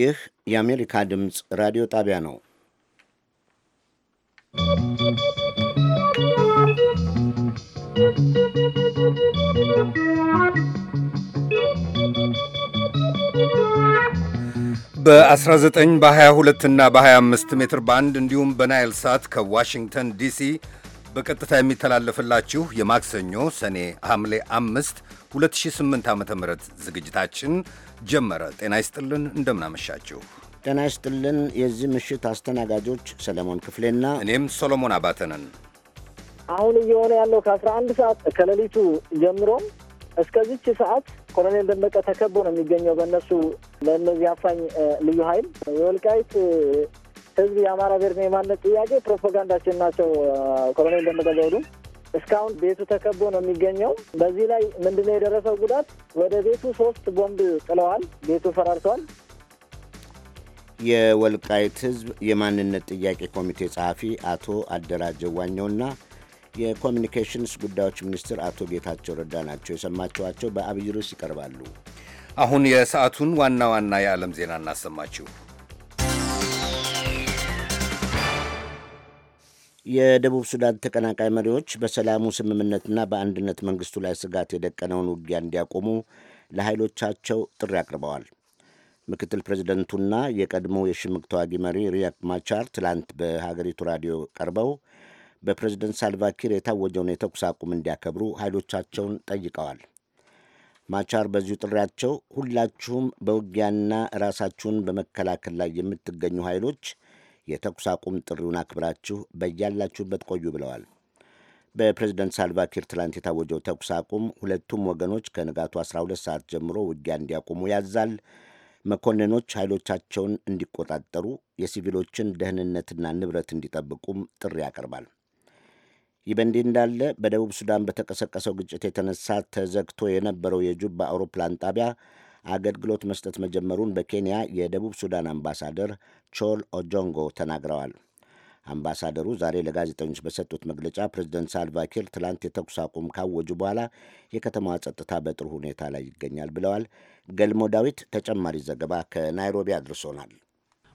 ይህ የአሜሪካ ድምፅ ራዲዮ ጣቢያ ነው። በ19 በ22 እና በ25 ሜትር ባንድ እንዲሁም በናይል ሳት ከዋሽንግተን ዲሲ በቀጥታ የሚተላለፍላችሁ የማክሰኞ ሰኔ ሐምሌ 5 2008 ዓ ም ዝግጅታችን ጀመረ። ጤና ይስጥልን፣ እንደምናመሻችሁ። ጤና ይስጥልን። የዚህ ምሽት አስተናጋጆች ሰለሞን ክፍሌና እኔም ሶሎሞን አባተንን። አሁን እየሆነ ያለው ከአስራ አንድ ሰዓት ከሌሊቱ ጀምሮም እስከዚች ሰዓት ኮሎኔል ደመቀ ተከቦ ነው የሚገኘው። በእነሱ ለእነዚህ አፋኝ ልዩ ኃይል የወልቃይት ህዝብ የአማራ ብሔርና የማንነት ጥያቄ ፕሮፓጋንዳችን ናቸው ኮሎኔል ደመቀ ዘውዱ እስካሁን ቤቱ ተከቦ ነው የሚገኘው። በዚህ ላይ ምንድነው የደረሰው ጉዳት? ወደ ቤቱ ሶስት ቦምብ ጥለዋል። ቤቱ ፈራርሷል። የወልቃይት ሕዝብ የማንነት ጥያቄ ኮሚቴ ጸሐፊ አቶ አደራጀው ዋኘውና የኮሚኒኬሽንስ ጉዳዮች ሚኒስትር አቶ ጌታቸው ረዳ ናቸው የሰማችኋቸው። በአብይ ርዕስ ይቀርባሉ። አሁን የሰዓቱን ዋና ዋና የዓለም ዜና እናሰማችሁ። የደቡብ ሱዳን ተቀናቃይ መሪዎች በሰላሙ ስምምነትና በአንድነት መንግስቱ ላይ ስጋት የደቀነውን ውጊያ እንዲያቆሙ ለኃይሎቻቸው ጥሪ አቅርበዋል። ምክትል ፕሬዚደንቱና የቀድሞ የሽምቅ ተዋጊ መሪ ሪያክ ማቻር ትላንት በሀገሪቱ ራዲዮ ቀርበው በፕሬዚደንት ሳልቫኪር የታወጀውን የተኩስ አቁም እንዲያከብሩ ኃይሎቻቸውን ጠይቀዋል። ማቻር በዚሁ ጥሪያቸው ሁላችሁም በውጊያና ራሳችሁን በመከላከል ላይ የምትገኙ ኃይሎች የተኩስ አቁም ጥሪውን አክብራችሁ በያላችሁበት ቆዩ ብለዋል። በፕሬዝደንት ሳልቫኪር ትላንት የታወጀው ተኩስ አቁም ሁለቱም ወገኖች ከንጋቱ 12 ሰዓት ጀምሮ ውጊያ እንዲያቆሙ ያዛል። መኮንኖች ኃይሎቻቸውን እንዲቆጣጠሩ የሲቪሎችን ደህንነትና ንብረት እንዲጠብቁም ጥሪ ያቀርባል። ይህ በእንዲህ እንዳለ በደቡብ ሱዳን በተቀሰቀሰው ግጭት የተነሳ ተዘግቶ የነበረው የጁባ አውሮፕላን ጣቢያ አገልግሎት መስጠት መጀመሩን በኬንያ የደቡብ ሱዳን አምባሳደር ቾል ኦጆንጎ ተናግረዋል። አምባሳደሩ ዛሬ ለጋዜጠኞች በሰጡት መግለጫ ፕሬዚደንት ሳልቫኪር ትላንት የተኩስ አቁም ካወጁ በኋላ የከተማዋ ጸጥታ በጥሩ ሁኔታ ላይ ይገኛል ብለዋል። ገልሞ ዳዊት ተጨማሪ ዘገባ ከናይሮቢ አድርሶናል።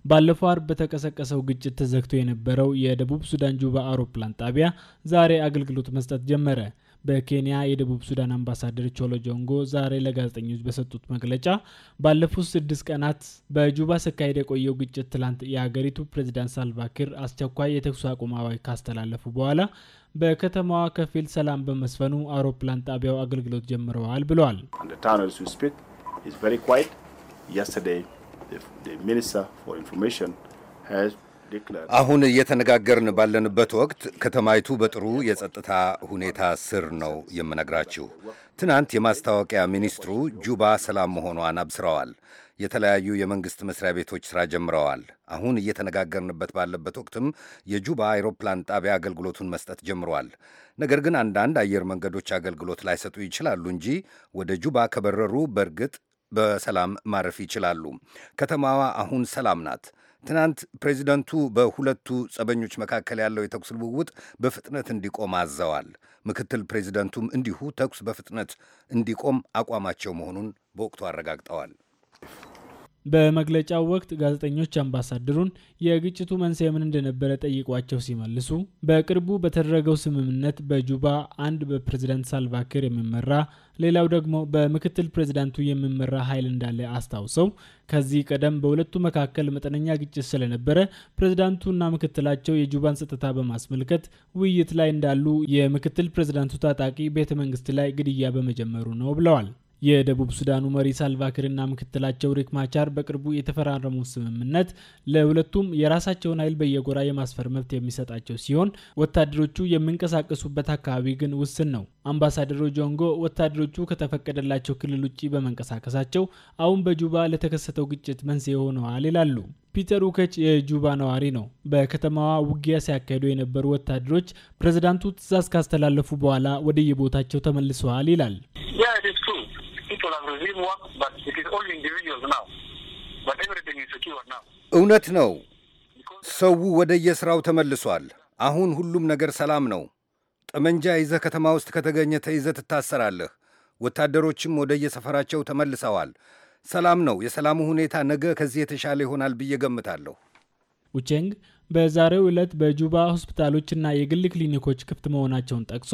ባለፈው አርብ በተቀሰቀሰው ግጭት ተዘግቶ የነበረው የደቡብ ሱዳን ጁባ አውሮፕላን ጣቢያ ዛሬ አገልግሎት መስጠት ጀመረ። በኬንያ የደቡብ ሱዳን አምባሳደር ቾሎ ጆንጎ ዛሬ ለጋዜጠኞች በሰጡት መግለጫ ባለፉት ስድስት ቀናት በጁባ ሲካሄድ የቆየው ግጭት ትላንት የሀገሪቱ ፕሬዚዳንት ሳልቫኪር አስቸኳይ የተኩስ አቁም አዋጅ ካስተላለፉ በኋላ በከተማዋ ከፊል ሰላም በመስፈኑ አውሮፕላን ጣቢያው አገልግሎት ጀምረዋል ብለዋል። ሚኒስተር ፎር ኢንፎርሜሽን አሁን እየተነጋገርን ባለንበት ወቅት ከተማይቱ በጥሩ የጸጥታ ሁኔታ ስር ነው የምነግራችሁ። ትናንት የማስታወቂያ ሚኒስትሩ ጁባ ሰላም መሆኗን አብስረዋል። የተለያዩ የመንግሥት መስሪያ ቤቶች ሥራ ጀምረዋል። አሁን እየተነጋገርንበት ባለበት ወቅትም የጁባ አይሮፕላን ጣቢያ አገልግሎቱን መስጠት ጀምሯል። ነገር ግን አንዳንድ አየር መንገዶች አገልግሎት ላይሰጡ ይችላሉ እንጂ ወደ ጁባ ከበረሩ በእርግጥ በሰላም ማረፍ ይችላሉ። ከተማዋ አሁን ሰላም ናት። ትናንት ፕሬዚደንቱ በሁለቱ ጸበኞች መካከል ያለው የተኩስ ልውውጥ በፍጥነት እንዲቆም አዘዋል። ምክትል ፕሬዚደንቱም እንዲሁ ተኩስ በፍጥነት እንዲቆም አቋማቸው መሆኑን በወቅቱ አረጋግጠዋል። በመግለጫው ወቅት ጋዜጠኞች አምባሳደሩን የግጭቱ መንስኤ ምን እንደነበረ ጠይቋቸው ሲመልሱ በቅርቡ በተደረገው ስምምነት በጁባ አንድ በፕሬዝዳንት ሳልቫኪር የሚመራ ሌላው ደግሞ በምክትል ፕሬዝዳንቱ የሚመራ ኃይል እንዳለ አስታውሰው ከዚህ ቀደም በሁለቱ መካከል መጠነኛ ግጭት ስለነበረ እና ምክትላቸው የጁባን ጸጥታ በማስመልከት ውይይት ላይ እንዳሉ የምክትል ፕሬዝዳንቱ ታጣቂ ቤተ መንግስት ላይ ግድያ በመጀመሩ ነው ብለዋል። የደቡብ ሱዳኑ መሪ ሳልቫኪርና ምክትላቸው ሪክ ማቻር በቅርቡ የተፈራረሙት ስምምነት ለሁለቱም የራሳቸውን ኃይል በየጎራ የማስፈር መብት የሚሰጣቸው ሲሆን ወታደሮቹ የሚንቀሳቀሱበት አካባቢ ግን ውስን ነው። አምባሳደሩ ጆንጎ ወታደሮቹ ከተፈቀደላቸው ክልል ውጭ በመንቀሳቀሳቸው አሁን በጁባ ለተከሰተው ግጭት መንስኤ ሆነዋል ይላሉ። ፒተር ውከች የጁባ ነዋሪ ነው። በከተማዋ ውጊያ ሲያካሂዱ የነበሩ ወታደሮች ፕሬዝዳንቱ ትዕዛዝ ካስተላለፉ በኋላ ወደየቦታቸው ተመልሰዋል ይላል። people have resumed work, but it is only individuals now. But everything is secure now. እውነት ነው። ሰው ወደ የሥራው ተመልሷል። አሁን ሁሉም ነገር ሰላም ነው። ጠመንጃ ይዘህ ከተማ ውስጥ ከተገኘ ተይዘህ ትታሰራለህ። ወታደሮችም ወደ የሰፈራቸው ተመልሰዋል። ሰላም ነው። የሰላሙ ሁኔታ ነገ ከዚህ የተሻለ ይሆናል ብዬ ገምታለሁ። ኡቼንግ በዛሬው ዕለት በጁባ ሆስፒታሎችና የግል ክሊኒኮች ክፍት መሆናቸውን ጠቅሶ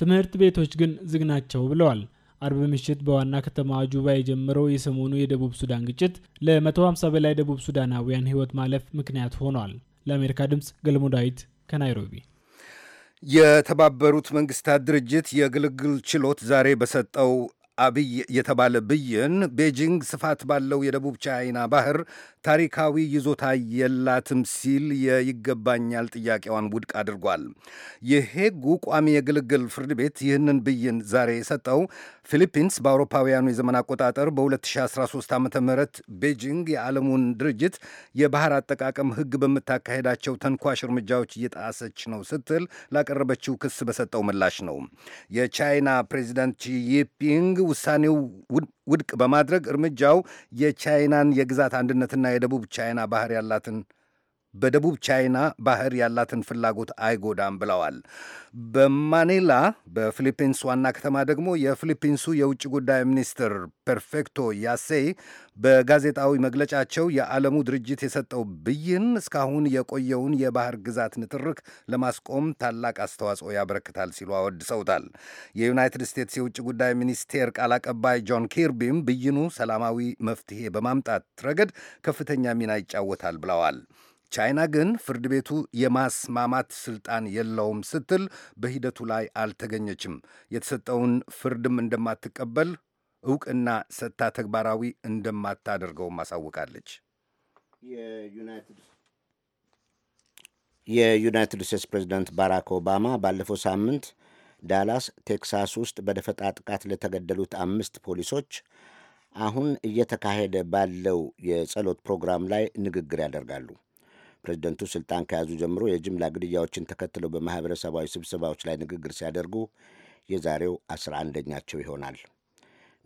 ትምህርት ቤቶች ግን ዝግ ናቸው ብለዋል። አርብ ምሽት በዋና ከተማ ጁባ የጀመረው የሰሞኑ የደቡብ ሱዳን ግጭት ለ150 በላይ ደቡብ ሱዳናውያን ሕይወት ማለፍ ምክንያት ሆኗል። ለአሜሪካ ድምፅ ገልሞ ዳዊት ከናይሮቢ። የተባበሩት መንግስታት ድርጅት የግልግል ችሎት ዛሬ በሰጠው አብይ የተባለ ብይን ቤጂንግ ስፋት ባለው የደቡብ ቻይና ባህር ታሪካዊ ይዞታ የላትም ሲል የይገባኛል ጥያቄዋን ውድቅ አድርጓል። የሄጉ ቋሚ የግልግል ፍርድ ቤት ይህንን ብይን ዛሬ የሰጠው ፊሊፒንስ በአውሮፓውያኑ የዘመን አቆጣጠር በ2013 ዓ ም ቤጂንግ የዓለሙን ድርጅት የባህር አጠቃቀም ሕግ በምታካሄዳቸው ተንኳሽ እርምጃዎች እየጣሰች ነው ስትል ላቀረበችው ክስ በሰጠው ምላሽ ነው። የቻይና ፕሬዚደንት ቺ ጂንፒንግ ውሳኔው ውድቅ በማድረግ እርምጃው የቻይናን የግዛት አንድነትና የደቡብ ቻይና ባህር ያላትን በደቡብ ቻይና ባህር ያላትን ፍላጎት አይጎዳም ብለዋል። በማኔላ በፊሊፒንስ ዋና ከተማ ደግሞ የፊሊፒንሱ የውጭ ጉዳይ ሚኒስትር ፐርፌክቶ ያሴይ በጋዜጣዊ መግለጫቸው የዓለሙ ድርጅት የሰጠው ብይን እስካሁን የቆየውን የባህር ግዛት ንትርክ ለማስቆም ታላቅ አስተዋጽኦ ያበረክታል ሲሉ አወድሰውታል። የዩናይትድ ስቴትስ የውጭ ጉዳይ ሚኒስቴር ቃል አቀባይ ጆን ኪርቢም ብይኑ ሰላማዊ መፍትሄ በማምጣት ረገድ ከፍተኛ ሚና ይጫወታል ብለዋል። ቻይና ግን ፍርድ ቤቱ የማስማማት ስልጣን የለውም ስትል በሂደቱ ላይ አልተገኘችም። የተሰጠውን ፍርድም እንደማትቀበል እውቅና ሰጥታ ተግባራዊ እንደማታደርገውም አሳውቃለች። የዩናይትድ ስቴትስ ፕሬዚዳንት ባራክ ኦባማ ባለፈው ሳምንት ዳላስ ቴክሳስ ውስጥ በደፈጣ ጥቃት ለተገደሉት አምስት ፖሊሶች አሁን እየተካሄደ ባለው የጸሎት ፕሮግራም ላይ ንግግር ያደርጋሉ። ፕሬዝደንቱ ስልጣን ከያዙ ጀምሮ የጅምላ ግድያዎችን ተከትለው በማኅበረሰባዊ ስብሰባዎች ላይ ንግግር ሲያደርጉ የዛሬው አስራ አንደኛቸው ይሆናል።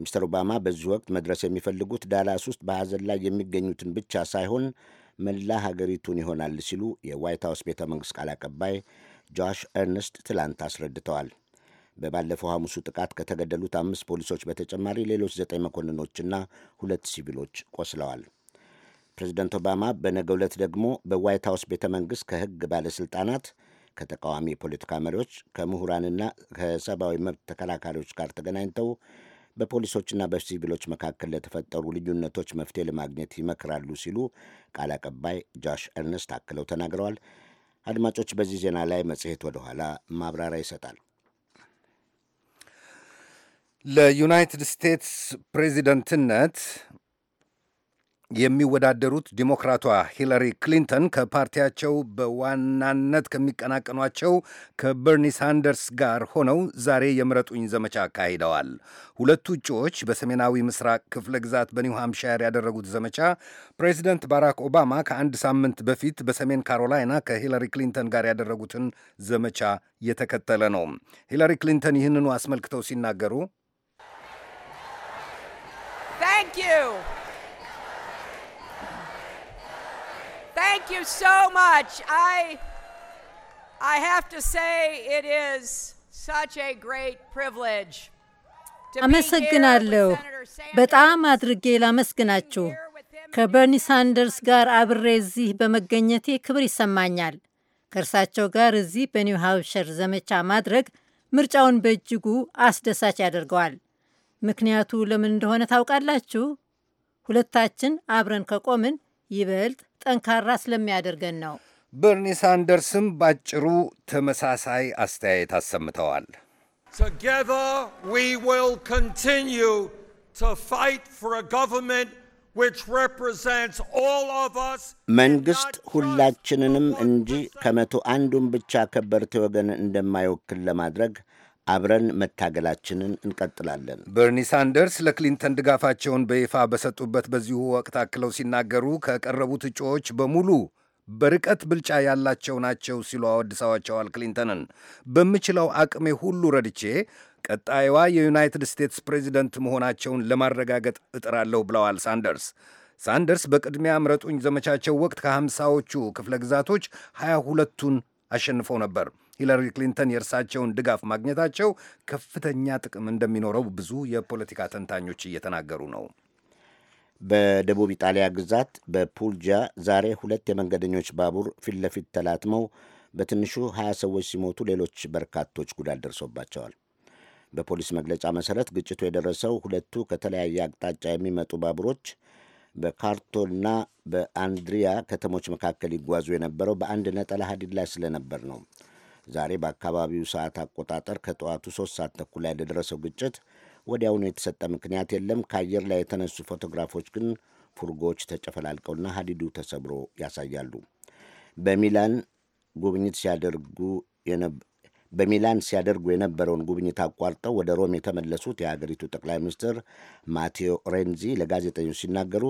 ሚስተር ኦባማ በዚህ ወቅት መድረስ የሚፈልጉት ዳላስ ውስጥ በሐዘን ላይ የሚገኙትን ብቻ ሳይሆን መላ ሀገሪቱን ይሆናል ሲሉ የዋይት ሀውስ ቤተ መንግሥት ቃል አቀባይ ጆሽ ኤርንስት ትላንት አስረድተዋል። በባለፈው ሐሙሱ ጥቃት ከተገደሉት አምስት ፖሊሶች በተጨማሪ ሌሎች ዘጠኝ መኮንኖችና ሁለት ሲቪሎች ቆስለዋል። ፕሬዚደንት ኦባማ በነገ ዕለት ደግሞ በዋይት ሀውስ ቤተ መንግሥት ከሕግ ባለሥልጣናት፣ ከተቃዋሚ የፖለቲካ መሪዎች፣ ከምሁራንና ከሰብአዊ መብት ተከላካሪዎች ጋር ተገናኝተው በፖሊሶችና በሲቪሎች መካከል ለተፈጠሩ ልዩነቶች መፍትሄ ለማግኘት ይመክራሉ ሲሉ ቃል አቀባይ ጆሽ እርነስት አክለው ተናግረዋል። አድማጮች፣ በዚህ ዜና ላይ መጽሔት ወደኋላ ማብራሪያ ይሰጣል። ለዩናይትድ ስቴትስ ፕሬዚደንትነት የሚወዳደሩት ዲሞክራቷ ሂላሪ ክሊንተን ከፓርቲያቸው በዋናነት ከሚቀናቀኗቸው ከበርኒ ሳንደርስ ጋር ሆነው ዛሬ የምረጡኝ ዘመቻ አካሂደዋል። ሁለቱ እጩዎች በሰሜናዊ ምስራቅ ክፍለ ግዛት በኒው ያደረጉት ዘመቻ ፕሬዚደንት ባራክ ኦባማ ከአንድ ሳምንት በፊት በሰሜን ካሮላይና ከሂላሪ ክሊንተን ጋር ያደረጉትን ዘመቻ የተከተለ ነው። ሂላሪ ክሊንተን ይህንኑ አስመልክተው ሲናገሩ Thank you so much. I, I have to say, it is such a great privilege. አመሰግናለሁ። በጣም አድርጌ ላመስግናችሁ። ከበርኒ ሳንደርስ ጋር አብሬ እዚህ በመገኘቴ ክብር ይሰማኛል። ከእርሳቸው ጋር እዚህ በኒው ሃምፕሸር ዘመቻ ማድረግ ምርጫውን በእጅጉ አስደሳች ያደርገዋል። ምክንያቱ ለምን እንደሆነ ታውቃላችሁ? ሁለታችን አብረን ከቆምን ይበልጥ ጠንካራ ስለሚያደርገን ነው። በርኒ ሳንደርስም ባጭሩ ተመሳሳይ አስተያየት አሰምተዋል። መንግሥት ሁላችንንም እንጂ ከመቶ አንዱን ብቻ ከበርቴ ወገን እንደማይወክል ለማድረግ አብረን መታገላችንን እንቀጥላለን። በርኒ ሳንደርስ ለክሊንተን ድጋፋቸውን በይፋ በሰጡበት በዚሁ ወቅት አክለው ሲናገሩ ከቀረቡት እጩዎች በሙሉ በርቀት ብልጫ ያላቸው ናቸው ሲሉ አወድሰዋቸዋል። ክሊንተንን በምችለው አቅሜ ሁሉ ረድቼ ቀጣይዋ የዩናይትድ ስቴትስ ፕሬዚደንት መሆናቸውን ለማረጋገጥ እጥራለሁ ብለዋል ሳንደርስ። ሳንደርስ በቅድሚያ ምረጡኝ ዘመቻቸው ወቅት ከሀምሳዎቹ ክፍለ ግዛቶች ሃያ ሁለቱን አሸንፈው ነበር። ሂላሪ ክሊንተን የእርሳቸውን ድጋፍ ማግኘታቸው ከፍተኛ ጥቅም እንደሚኖረው ብዙ የፖለቲካ ተንታኞች እየተናገሩ ነው። በደቡብ ኢጣሊያ ግዛት በፑልጃ ዛሬ ሁለት የመንገደኞች ባቡር ፊት ለፊት ተላትመው በትንሹ 20 ሰዎች ሲሞቱ ሌሎች በርካቶች ጉዳት ደርሶባቸዋል። በፖሊስ መግለጫ መሠረት ግጭቱ የደረሰው ሁለቱ ከተለያየ አቅጣጫ የሚመጡ ባቡሮች በካርቶና በአንድሪያ ከተሞች መካከል ይጓዙ የነበረው በአንድ ነጠላ ሀዲድ ላይ ስለነበር ነው። ዛሬ በአካባቢው ሰዓት አቆጣጠር ከጠዋቱ ሶስት ሰዓት ተኩል ላይ ለደረሰው ግጭት ወዲያውኑ የተሰጠ ምክንያት የለም። ከአየር ላይ የተነሱ ፎቶግራፎች ግን ፉርጎዎች ተጨፈላልቀውና ሀዲዱ ተሰብሮ ያሳያሉ። በሚላን ጉብኝት ሲያደርጉ በሚላን ሲያደርጉ የነበረውን ጉብኝት አቋርጠው ወደ ሮም የተመለሱት የሀገሪቱ ጠቅላይ ሚኒስትር ማቴዎ ሬንዚ ለጋዜጠኞች ሲናገሩ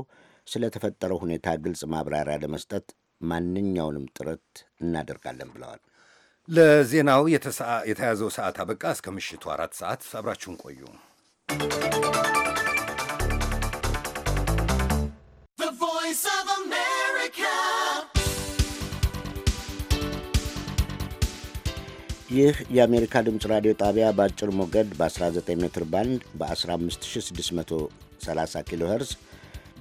ስለተፈጠረው ሁኔታ ግልጽ ማብራሪያ ለመስጠት ማንኛውንም ጥረት እናደርጋለን ብለዋል። ለዜናው የተያዘው ሰዓት አበቃ። እስከ ምሽቱ አራት ሰዓት አብራችሁን ቆዩ። ይህ የአሜሪካ ድምፅ ራዲዮ ጣቢያ በአጭር ሞገድ በ19 ሜትር ባንድ በ15630 ኪሎ ሄርዝ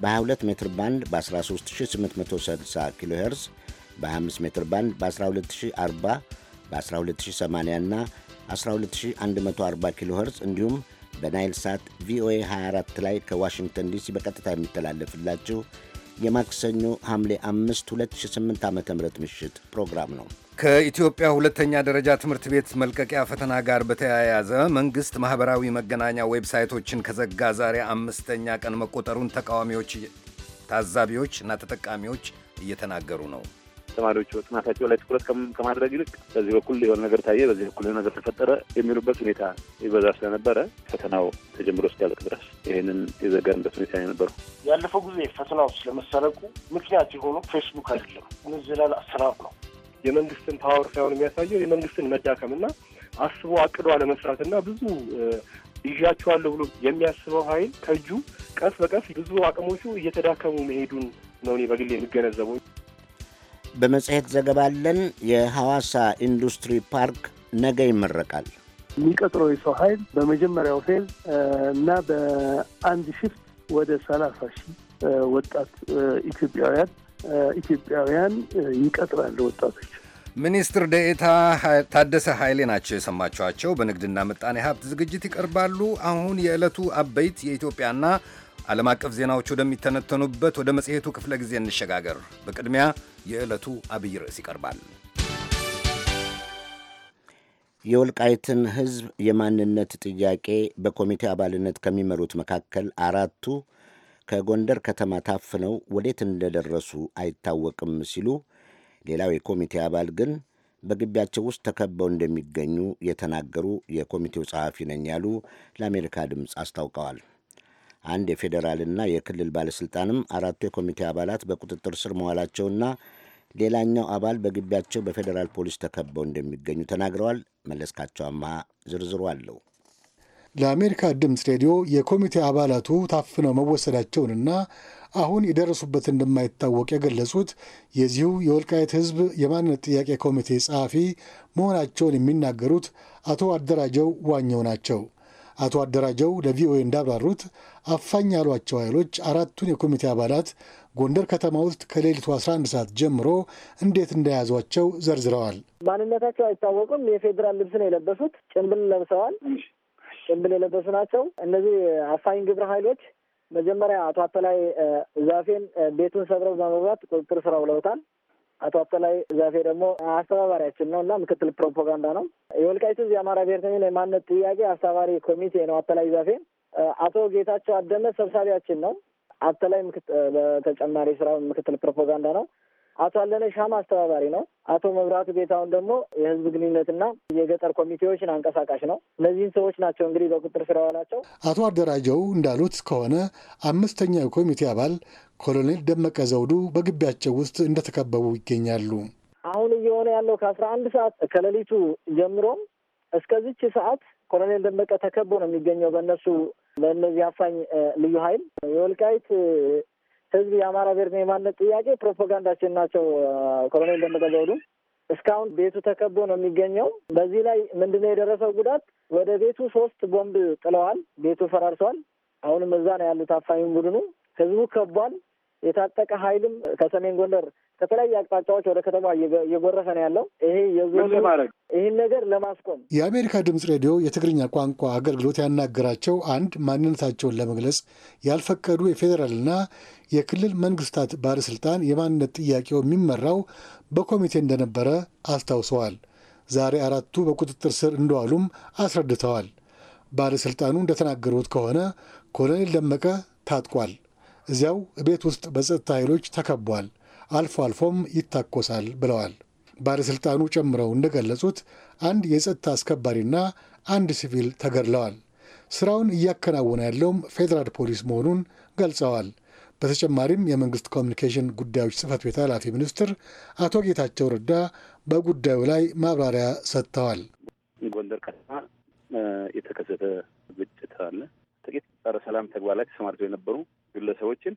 በ22 ሜትር ባንድ በ13860 ኪሎ ሄርዝ በ25 ሜትር ባንድ በ 1240 በ12080 እና 12140 ኪሎ ኸርዝ እንዲሁም በናይል ሳት ቪኦኤ 24 ላይ ከዋሽንግተን ዲሲ በቀጥታ የሚተላለፍላችሁ የማክሰኞ ሐምሌ 5 2008 ዓ ም ምሽት ፕሮግራም ነው። ከኢትዮጵያ ሁለተኛ ደረጃ ትምህርት ቤት መልቀቂያ ፈተና ጋር በተያያዘ መንግሥት ማኅበራዊ መገናኛ ዌብሳይቶችን ከዘጋ ዛሬ አምስተኛ ቀን መቆጠሩን ተቃዋሚዎች፣ ታዛቢዎች እና ተጠቃሚዎች እየተናገሩ ነው። ተማሪዎቹ ጥናታቸው ላይ ትኩረት ከማድረግ ይልቅ በዚህ በኩል የሆነ ነገር ታየ፣ በዚህ በኩል ነገር ተፈጠረ የሚሉበት ሁኔታ ይበዛ ስለነበረ ፈተናው ተጀምሮ እስኪያልቅ ድረስ ይህንን የዘጋንበት ሁኔታ የነበሩ ያለፈው ጊዜ ፈተናው ስለመሰረቁ ምክንያት የሆኑ ፌስቡክ አይደለም፣ ንዝላል አሰራር ነው። የመንግስትን ፓወር ሳይሆን የሚያሳየው የመንግስትን መዳከምና አስቦ አቅዶ አለመስራትና ብዙ ይዣቸዋለሁ ብሎ የሚያስበው ኃይል ከእጁ ቀስ በቀስ ብዙ አቅሞቹ እየተዳከሙ መሄዱን ነው እኔ በግሌ የሚገነዘበው። በመጽሔት ዘገባለን። የሐዋሳ ኢንዱስትሪ ፓርክ ነገ ይመረቃል። የሚቀጥረው የሰው ኃይል በመጀመሪያው ፌዝ እና በአንድ ሽፍት ወደ ሰላሳ ሺህ ወጣት ኢትዮጵያውያን ኢትዮጵያውያን ይቀጥራል ወጣቶች። ሚኒስትር ደኤታ ታደሰ ኃይሌ ናቸው የሰማችኋቸው። በንግድና ምጣኔ ሀብት ዝግጅት ይቀርባሉ። አሁን የዕለቱ አበይት የኢትዮጵያና ዓለም አቀፍ ዜናዎች ወደሚተነተኑበት ወደ መጽሔቱ ክፍለ ጊዜ እንሸጋገር። በቅድሚያ የዕለቱ አብይ ርዕስ ይቀርባል። የወልቃይትን ሕዝብ የማንነት ጥያቄ በኮሚቴ አባልነት ከሚመሩት መካከል አራቱ ከጎንደር ከተማ ታፍነው ወዴት እንደደረሱ አይታወቅም ሲሉ፣ ሌላው የኮሚቴ አባል ግን በግቢያቸው ውስጥ ተከበው እንደሚገኙ የተናገሩ የኮሚቴው ጸሐፊ ነኝ ያሉ ለአሜሪካ ድምፅ አስታውቀዋል። አንድ የፌዴራልና የክልል ባለሥልጣንም አራቱ የኮሚቴ አባላት በቁጥጥር ስር መዋላቸውና ሌላኛው አባል በግቢያቸው በፌዴራል ፖሊስ ተከበው እንደሚገኙ ተናግረዋል። መለስካቸው አመሃ ዝርዝሩ አለው። ለአሜሪካ ድምፅ ሬዲዮ የኮሚቴ አባላቱ ታፍነው መወሰዳቸውንና አሁን የደረሱበት እንደማይታወቅ የገለጹት የዚሁ የወልቃየት ሕዝብ የማንነት ጥያቄ ኮሚቴ ጸሐፊ መሆናቸውን የሚናገሩት አቶ አደራጀው ዋኘው ናቸው። አቶ አደራጀው ለቪኦኤ እንዳብራሩት አፋኝ ያሏቸው ኃይሎች አራቱን የኮሚቴ አባላት ጎንደር ከተማ ውስጥ ከሌሊቱ 11 ሰዓት ጀምሮ እንዴት እንደያዟቸው ዘርዝረዋል። ማንነታቸው አይታወቁም። የፌዴራል ልብስ ነው የለበሱት። ጭንብል ለብሰዋል። ጭንብል የለበሱ ናቸው። እነዚህ አፋኝ ግብረ ኃይሎች መጀመሪያ አቶ አተላይ ዛፌን ቤቱን ሰብረው በመግባት ቁጥጥር ስራ ውለውታል። አቶ አተላይ ዛፌ ደግሞ አስተባባሪያችን ነው እና ምክትል ፕሮፓጋንዳ ነው። የወልቃይቱ የአማራ ብሔርተኝነት የማንነት ጥያቄ አስተባባሪ ኮሚቴ ነው አተላይ ዛፌ አቶ ጌታቸው አደመ ሰብሳቢያችን ነው። አተላይ በተጨማሪ ስራ ምክትል ፕሮፓጋንዳ ነው። አቶ አለነ ሻማ አስተባባሪ ነው። አቶ መብራቱ ጌታውን ደግሞ የህዝብ ግንኙነትና የገጠር ኮሚቴዎችን አንቀሳቃሽ ነው። እነዚህን ሰዎች ናቸው እንግዲህ በቁጥር ስራ ዋላቸው። አቶ አደራጀው እንዳሉት ከሆነ አምስተኛው ኮሚቴ አባል ኮሎኔል ደመቀ ዘውዱ በግቢያቸው ውስጥ እንደተከበቡ ይገኛሉ። አሁን እየሆነ ያለው ከአስራ አንድ ሰዓት ከሌሊቱ ጀምሮም እስከዚች ሰዓት ኮሎኔል ደመቀ ተከቦ ነው የሚገኘው በእነሱ በእነዚህ አፋኝ ልዩ ኃይል የወልቃይት ህዝብ የአማራ ብሔርን የማነት ጥያቄ ፕሮፓጋንዳችን ናቸው። ኮሎኔል ደመቀ ዘውዱ እስካሁን ቤቱ ተከቦ ነው የሚገኘው። በዚህ ላይ ምንድነው የደረሰው ጉዳት? ወደ ቤቱ ሶስት ቦምብ ጥለዋል። ቤቱ ፈራርሰዋል። አሁንም እዛ ነው ያሉት አፋኝ ቡድኑ። ህዝቡ ከቧል። የታጠቀ ኃይልም ከሰሜን ጎንደር ከተለያየ አቅጣጫዎች ወደ ከተማ እየጎረፈ ነው ያለው። ይሄ የዞኑ ይህን ነገር ለማስቆም የአሜሪካ ድምፅ ሬዲዮ የትግርኛ ቋንቋ አገልግሎት ያናገራቸው አንድ ማንነታቸውን ለመግለጽ ያልፈቀዱ የፌዴራልና የክልል መንግስታት ባለስልጣን የማንነት ጥያቄው የሚመራው በኮሚቴ እንደነበረ አስታውሰዋል። ዛሬ አራቱ በቁጥጥር ስር እንደዋሉም አስረድተዋል። ባለሥልጣኑ እንደተናገሩት ከሆነ ኮሎኔል ደመቀ ታጥቋል። እዚያው ቤት ውስጥ በጸጥታ ኃይሎች ተከቧል። አልፎ አልፎም ይታኮሳል ብለዋል። ባለሥልጣኑ ጨምረው እንደገለጹት አንድ የጸጥታ አስከባሪና አንድ ሲቪል ተገድለዋል። ስራውን እያከናወነ ያለውም ፌዴራል ፖሊስ መሆኑን ገልጸዋል። በተጨማሪም የመንግስት ኮሚኒኬሽን ጉዳዮች ጽህፈት ቤት ኃላፊ ሚኒስትር አቶ ጌታቸው ረዳ በጉዳዩ ላይ ማብራሪያ ሰጥተዋል። ጎንደር ከተማ የተከሰተ ግጭት አለ። ጥቂት ጸረ ሰላም ተግባር ላይ ተሰማርተው የነበሩ ግለሰቦችን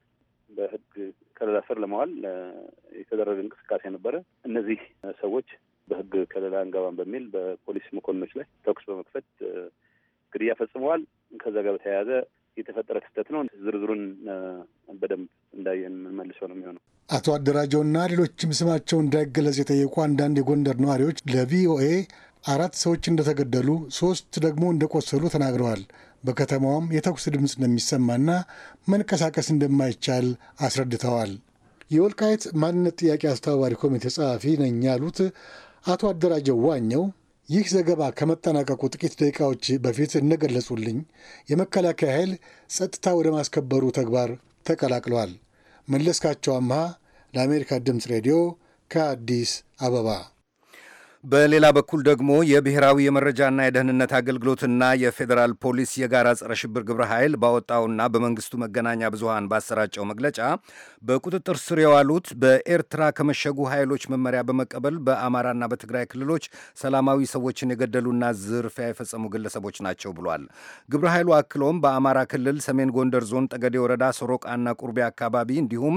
በህግ ከለላ ስር ለመዋል የተደረገ እንቅስቃሴ ነበረ። እነዚህ ሰዎች በህግ ከለላ አንገባም በሚል በፖሊስ መኮንኖች ላይ ተኩስ በመክፈት ግድያ ፈጽመዋል። ከዛ ጋር በተያያዘ የተፈጠረ ክስተት ነው። ዝርዝሩን በደንብ እንዳየን የምንመልሰው ነው የሚሆነው። አቶ አደራጀውና ሌሎችም ስማቸው እንዳይገለጽ የጠየቁ አንዳንድ የጎንደር ነዋሪዎች ለቪኦኤ አራት ሰዎች እንደተገደሉ፣ ሶስት ደግሞ እንደቆሰሉ ተናግረዋል። በከተማዋም የተኩስ ድምፅ እንደሚሰማና መንቀሳቀስ እንደማይቻል አስረድተዋል። የወልቃይት ማንነት ጥያቄ አስተባባሪ ኮሚቴ ጸሐፊ ነኝ ያሉት አቶ አደራጀው ዋኘው ይህ ዘገባ ከመጠናቀቁ ጥቂት ደቂቃዎች በፊት እንደገለጹልኝ የመከላከያ ኃይል ጸጥታ ወደ ማስከበሩ ተግባር ተቀላቅሏል። መለስካቸው አምሃ ለአሜሪካ ድምፅ ሬዲዮ ከአዲስ አበባ በሌላ በኩል ደግሞ የብሔራዊ የመረጃና የደህንነት አገልግሎትና የፌዴራል ፖሊስ የጋራ ጸረ ሽብር ግብረ ኃይል ባወጣውና በመንግስቱ መገናኛ ብዙሃን ባሰራጨው መግለጫ በቁጥጥር ስር የዋሉት በኤርትራ ከመሸጉ ኃይሎች መመሪያ በመቀበል በአማራና በትግራይ ክልሎች ሰላማዊ ሰዎችን የገደሉና ዝርፊያ የፈጸሙ ግለሰቦች ናቸው ብሏል። ግብረ ኃይሉ አክሎም በአማራ ክልል ሰሜን ጎንደር ዞን ጠገዴ ወረዳ ሶሮቃና ቁርቤ አካባቢ እንዲሁም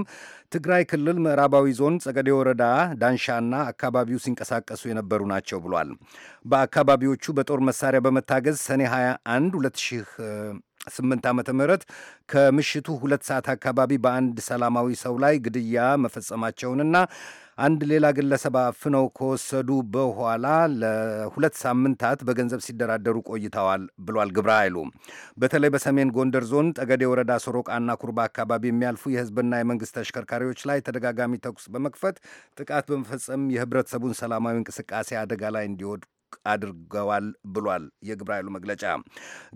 ትግራይ ክልል ምዕራባዊ ዞን ጸገዴ ወረዳ ዳንሻና አካባቢው ሲንቀሳቀሱ የነበሩ ናቸው ብሏል። በአካባቢዎቹ በጦር መሳሪያ በመታገዝ ሰኔ 21 ስምንት ዓመተ ምህረት ከምሽቱ ሁለት ሰዓት አካባቢ በአንድ ሰላማዊ ሰው ላይ ግድያ መፈጸማቸውንና አንድ ሌላ ግለሰብ አፍነው ከወሰዱ በኋላ ለሁለት ሳምንታት በገንዘብ ሲደራደሩ ቆይተዋል ብሏል ግብረ ኃይሉ። በተለይ በሰሜን ጎንደር ዞን ጠገዴ ወረዳ ሶሮቃና ኩርባ አካባቢ የሚያልፉ የህዝብና የመንግስት ተሽከርካሪዎች ላይ ተደጋጋሚ ተኩስ በመክፈት ጥቃት በመፈጸም የህብረተሰቡን ሰላማዊ እንቅስቃሴ አደጋ ላይ እንዲወድ አድርገዋል ብሏል የግብረ ኃይሉ መግለጫ።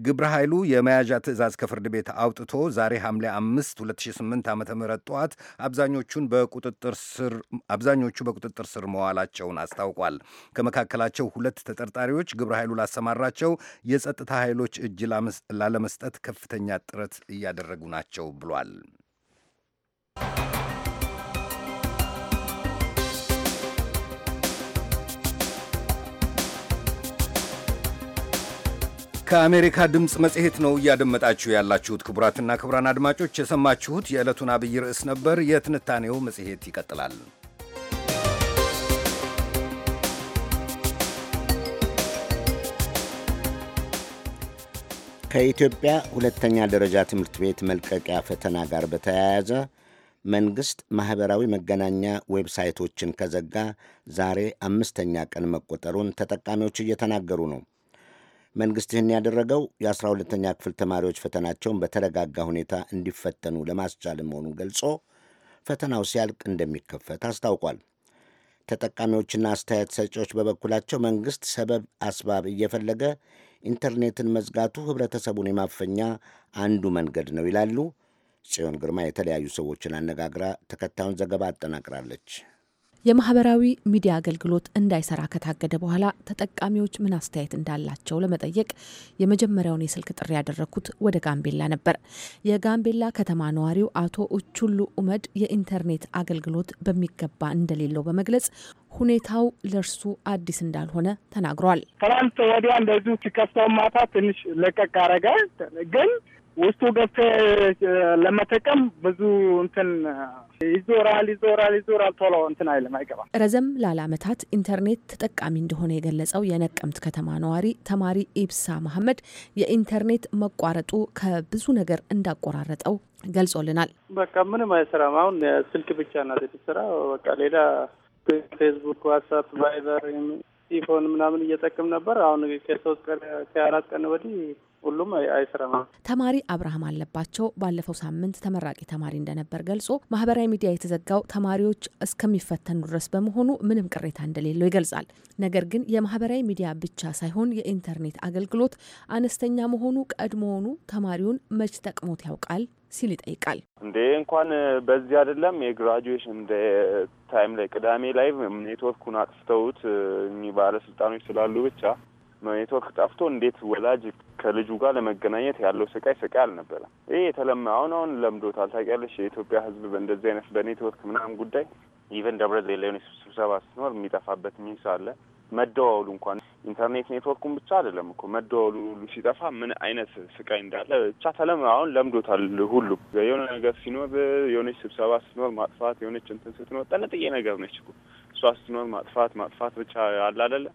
ግብረ ኃይሉ የመያዣ ትዕዛዝ ከፍርድ ቤት አውጥቶ ዛሬ ሐምሌ 5 2008 ዓ ም ጠዋት አብዛኞቹን በቁጥጥር ስር አብዛኞቹ በቁጥጥር ስር መዋላቸውን አስታውቋል። ከመካከላቸው ሁለት ተጠርጣሪዎች ግብረ ኃይሉ ላሰማራቸው የጸጥታ ኃይሎች እጅ ላለመስጠት ከፍተኛ ጥረት እያደረጉ ናቸው ብሏል። ከአሜሪካ ድምፅ መጽሔት ነው እያደመጣችሁ ያላችሁት። ክቡራትና ክቡራን አድማጮች የሰማችሁት የዕለቱን አብይ ርዕስ ነበር። የትንታኔው መጽሔት ይቀጥላል። ከኢትዮጵያ ሁለተኛ ደረጃ ትምህርት ቤት መልቀቂያ ፈተና ጋር በተያያዘ መንግሥት ማኅበራዊ መገናኛ ዌብሳይቶችን ከዘጋ ዛሬ አምስተኛ ቀን መቆጠሩን ተጠቃሚዎች እየተናገሩ ነው። መንግሥት ይህን ያደረገው የአስራ ሁለተኛ ክፍል ተማሪዎች ፈተናቸውን በተረጋጋ ሁኔታ እንዲፈተኑ ለማስቻል መሆኑን ገልጾ ፈተናው ሲያልቅ እንደሚከፈት አስታውቋል። ተጠቃሚዎችና አስተያየት ሰጪዎች በበኩላቸው መንግሥት ሰበብ አስባብ እየፈለገ ኢንተርኔትን መዝጋቱ ህብረተሰቡን የማፈኛ አንዱ መንገድ ነው ይላሉ። ጽዮን ግርማ የተለያዩ ሰዎችን አነጋግራ ተከታዩን ዘገባ አጠናቅራለች። የማህበራዊ ሚዲያ አገልግሎት እንዳይሰራ ከታገደ በኋላ ተጠቃሚዎች ምን አስተያየት እንዳላቸው ለመጠየቅ የመጀመሪያውን የስልክ ጥሪ ያደረግኩት ወደ ጋምቤላ ነበር። የጋምቤላ ከተማ ነዋሪው አቶ እቹሉ ኡመድ የኢንተርኔት አገልግሎት በሚገባ እንደሌለው በመግለጽ ሁኔታው ለእርሱ አዲስ እንዳልሆነ ተናግሯል። ትናንት ወዲያ እንደዚሁ ሲከፍተው ማታ ትንሽ ለቀቅ አረገ ግን ውስጡ ገብተ ለመጠቀም ብዙ እንትን ይዞራል ይዞራል ይዞራል ቶሎ እንትን አይልም አይገባም። ረዘም ላለ ዓመታት ኢንተርኔት ተጠቃሚ እንደሆነ የገለጸው የነቀምት ከተማ ነዋሪ ተማሪ ኢብሳ መሐመድ የኢንተርኔት መቋረጡ ከብዙ ነገር እንዳቆራረጠው ገልጾልናል። በቃ ምንም አይሰራም። አሁን ስልክ ብቻ ናት የምትሰራ። በቃ ሌላ ፌስቡክ፣ ዋትሳፕ፣ ቫይበር፣ ኢፎን ምናምን እየጠቅም ነበር። አሁን ከሶስት ቀን ከአራት ቀን ወዲህ ሁሉም አይሰራም። ተማሪ አብርሃም አለባቸው ባለፈው ሳምንት ተመራቂ ተማሪ እንደነበር ገልጾ ማህበራዊ ሚዲያ የተዘጋው ተማሪዎች እስከሚፈተኑ ድረስ በመሆኑ ምንም ቅሬታ እንደሌለው ይገልጻል። ነገር ግን የማህበራዊ ሚዲያ ብቻ ሳይሆን የኢንተርኔት አገልግሎት አነስተኛ መሆኑ ቀድሞውኑ ተማሪውን መች ጠቅሞት ያውቃል ሲል ይጠይቃል። እንዴ እንኳን በዚህ አይደለም የግራጁዌሽን ታይም ላይ ቅዳሜ ላይ ኔትወርኩን አጥፍተውት እኚህ ባለስልጣኖች ስላሉ ብቻ ኔትወርክ ጠፍቶ እንዴት ወላጅ ከልጁ ጋር ለመገናኘት ያለው ስቃይ ስቃይ አልነበረም። ይህ የተለመ አሁን አሁን ለምዶታል። ታውቂያለሽ የኢትዮጵያ ሕዝብ በእንደዚህ አይነት በኔትወርክ ምናምን ጉዳይ ኢቨን ደብረ ዘይት ላይ ስብሰባ ሲኖር የሚጠፋበት ሚንስ አለ መደዋወሉ እንኳን ኢንተርኔት ኔትወርኩን ብቻ አይደለም እኮ መደዋወሉ ሁሉ ሲጠፋ ምን አይነት ስቃይ እንዳለ ብቻ ተለም አሁን ለምዶታል። ሁሉ የሆነ ነገር ሲኖር የሆነች ስብሰባ ስትኖር ማጥፋት፣ የሆነች እንትን ስትኖር ጠነጥዬ ነገር ነች እኮ እሷ ስትኖር ማጥፋት ማጥፋት ብቻ አለ አይደለ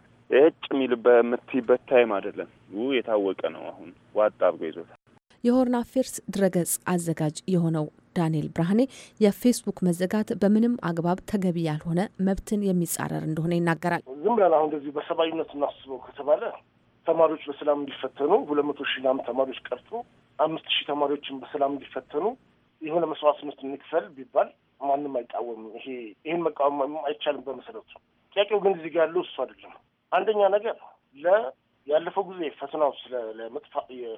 እጭ የሚል በምትይበት ታይም አይደለም። የታወቀ ነው። አሁን ዋጣ አድርጎ ይዞታል። የሆርን አፌርስ ድረገጽ አዘጋጅ የሆነው ዳንኤል ብርሃኔ የፌስቡክ መዘጋት በምንም አግባብ ተገቢ ያልሆነ መብትን የሚጻረር እንደሆነ ይናገራል። ዝም ብለን አሁን እንደዚህ በሰብአዊነት እናስበው ከተባለ ተማሪዎች በሰላም እንዲፈተኑ ሁለት መቶ ሺህ ምናምን ተማሪዎች ቀርቶ አምስት ሺህ ተማሪዎችን በሰላም እንዲፈተኑ የሆነ መስዋዕትነት እንክፈል ቢባል ማንም አይቃወምም። ይሄ ይህን መቃወም አይቻልም በመሰረቱ። ጥያቄው ግን እዚህ ጋር ያለው እሱ አይደለም። አንደኛ ነገር ለ ያለፈው ጊዜ ፈተናው ስለለመጥፋ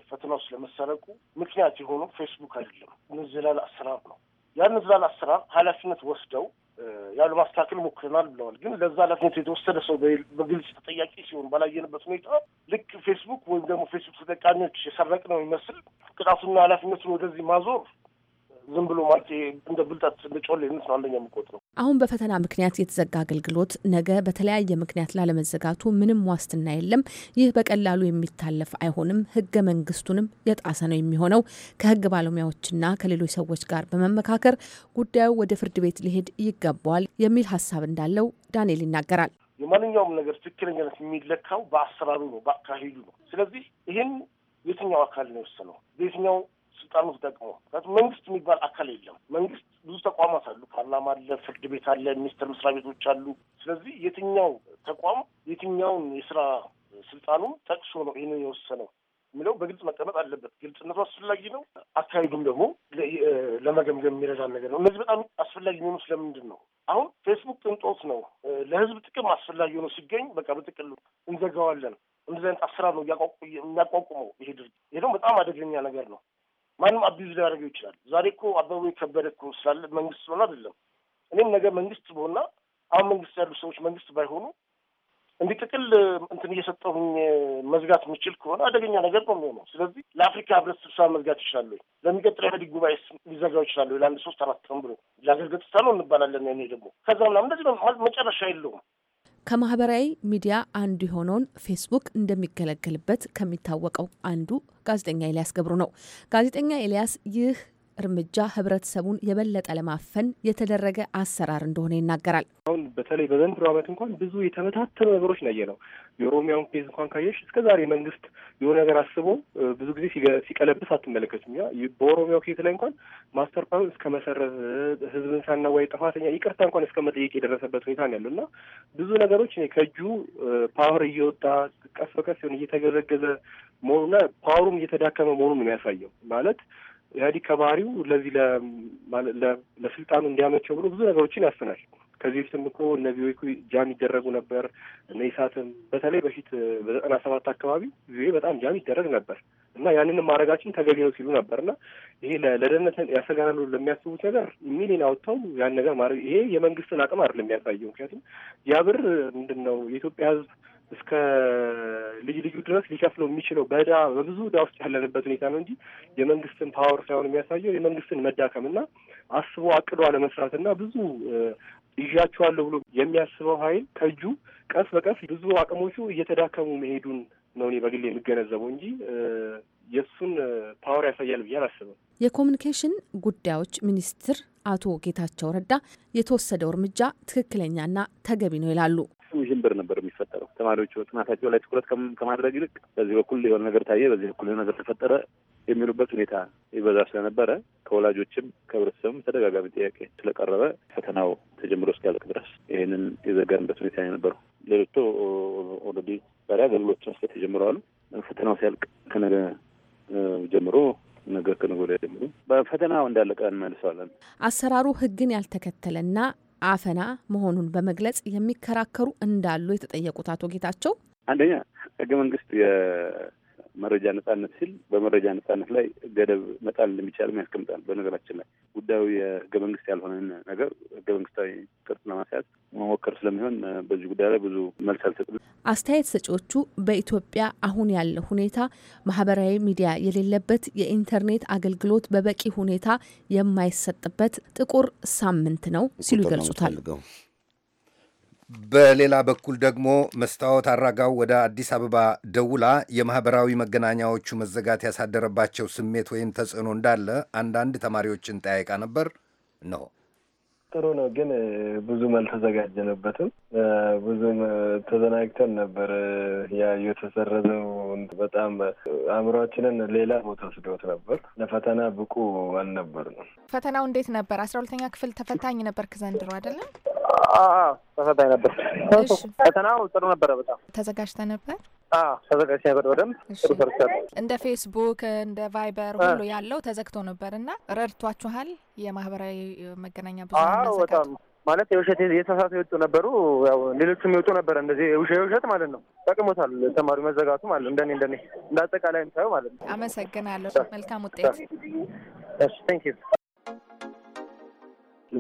ፈተናው ስለመሰረቁ ምክንያት የሆኑ ፌስቡክ አይደለም፣ ንዝላል አሰራር ነው። ያን ንዝላል አሰራር ኃላፊነት ወስደው ያሉ ማስተካከል ሞክረናል ብለዋል። ግን ለዛ ኃላፊነት የተወሰደ ሰው በግልጽ ተጠያቂ ሲሆን ባላየንበት ሁኔታ ልክ ፌስቡክ ወይም ደግሞ ፌስቡክ ተጠቃሚዎች የሰረቅ ነው የሚመስል ቅጣቱና ኃላፊነቱን ወደዚህ ማዞር ዝም ብሎ ማጭ እንደ ብልጠት እንደ ነው አንደኛ ምቆጥ ነው። አሁን በፈተና ምክንያት የተዘጋ አገልግሎት ነገ በተለያየ ምክንያት ላለመዘጋቱ ምንም ዋስትና የለም። ይህ በቀላሉ የሚታለፍ አይሆንም። ህገ መንግስቱንም የጣሰ ነው የሚሆነው። ከህግ ባለሙያዎችና ከሌሎች ሰዎች ጋር በመመካከር ጉዳዩ ወደ ፍርድ ቤት ሊሄድ ይገባዋል የሚል ሀሳብ እንዳለው ዳንኤል ይናገራል። የማንኛውም ነገር ትክክለኛነት የሚለካው በአሰራሩ ነው፣ በአካሄዱ ነው። ስለዚህ ይህን የትኛው አካል ነው የወሰነው? በየትኛው ፈጻሚዎች ደግሞ መንግስት የሚባል አካል የለም። መንግስት ብዙ ተቋማት አሉ። ፓርላማ አለ፣ ፍርድ ቤት አለ፣ ሚኒስቴር መስሪያ ቤቶች አሉ። ስለዚህ የትኛው ተቋም የትኛውን የስራ ስልጣኑን ጠቅሶ ነው ይህንን የወሰነው የሚለው በግልጽ መቀመጥ አለበት። ግልጽነቱ አስፈላጊ ነው። አካሄዱም ደግሞ ለመገምገም የሚረዳን ነገር ነው። እነዚህ በጣም አስፈላጊ የሚሆኑ ስለምንድን ነው? አሁን ፌስቡክ ቅንጦት ነው፣ ለህዝብ ጥቅም አስፈላጊ ሆኖ ሲገኝ በቃ በጥቅሉ እንዘጋዋለን። እንደዚህ አይነት አሰራር ነው የሚያቋቁመው ይሄ ድርጅት። ይሄ ደግሞ በጣም አደገኛ ነገር ነው። ማንም አቢዝ ሊያደርገው ይችላል። ዛሬ እኮ አበበ የከበደ እኮ ስላለ መንግስት ስለሆነ አይደለም። እኔም ነገ መንግስት በሆና አሁን መንግስት ያሉ ሰዎች መንግስት ባይሆኑ እንዲህ ጥቅል እንትን እየሰጠሁኝ መዝጋት የምችል ከሆነ አደገኛ ነገር ነው የሚሆነው። ስለዚህ ለአፍሪካ ህብረት ስብሰባ መዝጋት ይችላለሁ። ለሚቀጥለው ኢህአዴግ ጉባኤ ሊዘጋው ይችላሉ። ለአንድ ሶስት አራት ቀን ብሎ ለአገልገጥታ ነው እንባላለን። እኔ ደግሞ ከዛ ምናምን እንደዚህ መጨረሻ የለውም። ከማህበራዊ ሚዲያ አንዱ የሆነውን ፌስቡክ እንደሚገለገልበት ከሚታወቀው አንዱ ጋዜጠኛ ኤልያስ ገብሩ ነው። ጋዜጠኛ ኤልያስ ይህ እርምጃ ህብረተሰቡን የበለጠ ለማፈን የተደረገ አሰራር እንደሆነ ይናገራል። አሁን በተለይ በዘንድሮ ዓመት እንኳን ብዙ የተበታተኑ ነገሮች ነው ያየነው። የኦሮሚያውን ኬዝ እንኳን ካየሽ እስከ ዛሬ መንግስት የሆነ ነገር አስቦ ብዙ ጊዜ ሲቀለብስ አትመለከትም። ያ በኦሮሚያው ኬዝ ላይ እንኳን ማስተር ፕላኑን እስከ መሰረዝ፣ ህዝብን ሳናዋይ ጥፋተኛ ይቅርታ እንኳን እስከ መጠየቅ የደረሰበት ሁኔታ ነው ያለው እና ብዙ ነገሮች ከእጁ ፓወር እየወጣ ቀስ በቀስ ሲሆን እየተገዘገዘ መሆኑና ፓወሩም እየተዳከመ መሆኑን ነው የሚያሳየው ማለት ኢህአዲግ ከባህሪው ለዚህ ለስልጣኑ እንዲያመቸው ብሎ ብዙ ነገሮችን ያስናል። ከዚህ በፊትም እኮ እነ ቪኦኤ ጃም ይደረጉ ነበር። እነ ኢሳትም በተለይ በፊት በዘጠና ሰባት አካባቢ ቪኦኤ በጣም ጃም ይደረግ ነበር እና ያንንም ማድረጋችን ተገቢ ነው ሲሉ ነበር እና ይሄ ለደህንነት ያሰጋናሉ ለሚያስቡት ነገር ሚሊን አውጥተው ያን ነገር ማድረግ ይሄ የመንግስትን አቅም አይደለም የሚያሳየው። ምክንያቱም ያ ብር ምንድን ነው የኢትዮጵያ ህዝብ እስከ ልዩ ልዩ ድረስ ሊከፍለው የሚችለው በዳ በብዙ ዕዳ ውስጥ ያለንበት ሁኔታ ነው እንጂ የመንግስትን ፓወር ሳይሆን የሚያሳየው የመንግስትን መዳከም እና አስቦ አቅዶ አለመስራት እና ብዙ ይዣቸዋለሁ ብሎ የሚያስበው ኃይል ከእጁ ቀስ በቀስ ብዙ አቅሞቹ እየተዳከሙ መሄዱን ነው እኔ በግሌ የሚገነዘበው እንጂ የእሱን ፓወር ያሳያል ብዬ አላስብም። የኮሚኒኬሽን ጉዳዮች ሚኒስትር አቶ ጌታቸው ረዳ የተወሰደው እርምጃ ትክክለኛና ተገቢ ነው ይላሉ። ዝም ብር ነበር የሚፈጠ ተማሪዎች ጥናታቸው ላይ ትኩረት ከማድረግ ይልቅ በዚህ በኩል የሆነ ነገር ታየ፣ በዚህ በኩል የሆነ ነገር ተፈጠረ የሚሉበት ሁኔታ ይበዛ ስለነበረ ከወላጆችም ከህብረተሰቡም ተደጋጋሚ ጥያቄ ስለቀረበ ፈተናው ተጀምሮ እስኪያልቅ ድረስ ይህንን የዘጋንበት ሁኔታ የነበረው። ሌሎቹ ኦልሬዲ ዛሬ አገልግሎት መስጠት ተጀምረዋል። ፈተናው ሲያልቅ ከነገ ጀምሮ ነገር ከነገ ወዲያ ጀምሮ በፈተናው እንዳለቀ እንመልሰዋለን። አሰራሩ ህግን ያልተከተለና አፈና መሆኑን በመግለጽ የሚከራከሩ እንዳሉ የተጠየቁት አቶ ጌታቸው አንደኛ ህገ መንግስት መረጃ ነጻነት ሲል በመረጃ ነጻነት ላይ ገደብ መጣል እንደሚቻልም ያስቀምጣል። በነገራችን ላይ ጉዳዩ የህገ መንግስት ያልሆነን ነገር ህገ መንግስታዊ ቅርጽ ለማስያዝ መሞከር ስለሚሆን በዚህ ጉዳይ ላይ ብዙ መልስ አልሰጥም። አስተያየት ሰጪዎቹ በኢትዮጵያ አሁን ያለ ሁኔታ ማህበራዊ ሚዲያ የሌለበት፣ የኢንተርኔት አገልግሎት በበቂ ሁኔታ የማይሰጥበት ጥቁር ሳምንት ነው ሲሉ ይገልጹታል። በሌላ በኩል ደግሞ መስታወት አራጋው ወደ አዲስ አበባ ደውላ የማህበራዊ መገናኛዎቹ መዘጋት ያሳደረባቸው ስሜት ወይም ተጽዕኖ እንዳለ አንዳንድ ተማሪዎችን ጠያይቃ ነበር። ነው ጥሩ ነው፣ ግን ብዙም አልተዘጋጀንበትም። ብዙም ተዘናግተን ነበር። ያ የተሰረዘው በጣም አእምሯችንን ሌላ ቦታ ስዶት ነበር። ለፈተና ብቁ ነው። ፈተናው እንዴት ነበር? አስራ ሁለተኛ ክፍል ተፈታኝ ነበር ዘንድሮ አይደለም? ተፈታኝ ነበር። ፈተናው ጥሩ ነበረ። በጣም ተዘጋጅተህ ነበር? ተዘጋጅ ነበር በደንብ ጥሩ ሰርቻለሁ። እንደ ፌስቡክ እንደ ቫይበር ሁሉ ያለው ተዘግቶ ነበር እና ረድቷችኋል? የማህበራዊ መገናኛ ብዙሃን በጣም ማለት የውሸት የተሳሳቱ የወጡ ነበሩ። ያው ሌሎቹም የወጡ ነበረ እንደዚህ የውሸት ማለት ነው። ጠቅሞታል ተማሪ መዘጋቱ ማለት እንደኔ እንደኔ እንደ አጠቃላይ ምታየው ማለት ነው። አመሰግናለሁ። መልካም ውጤት። ታንኪዩ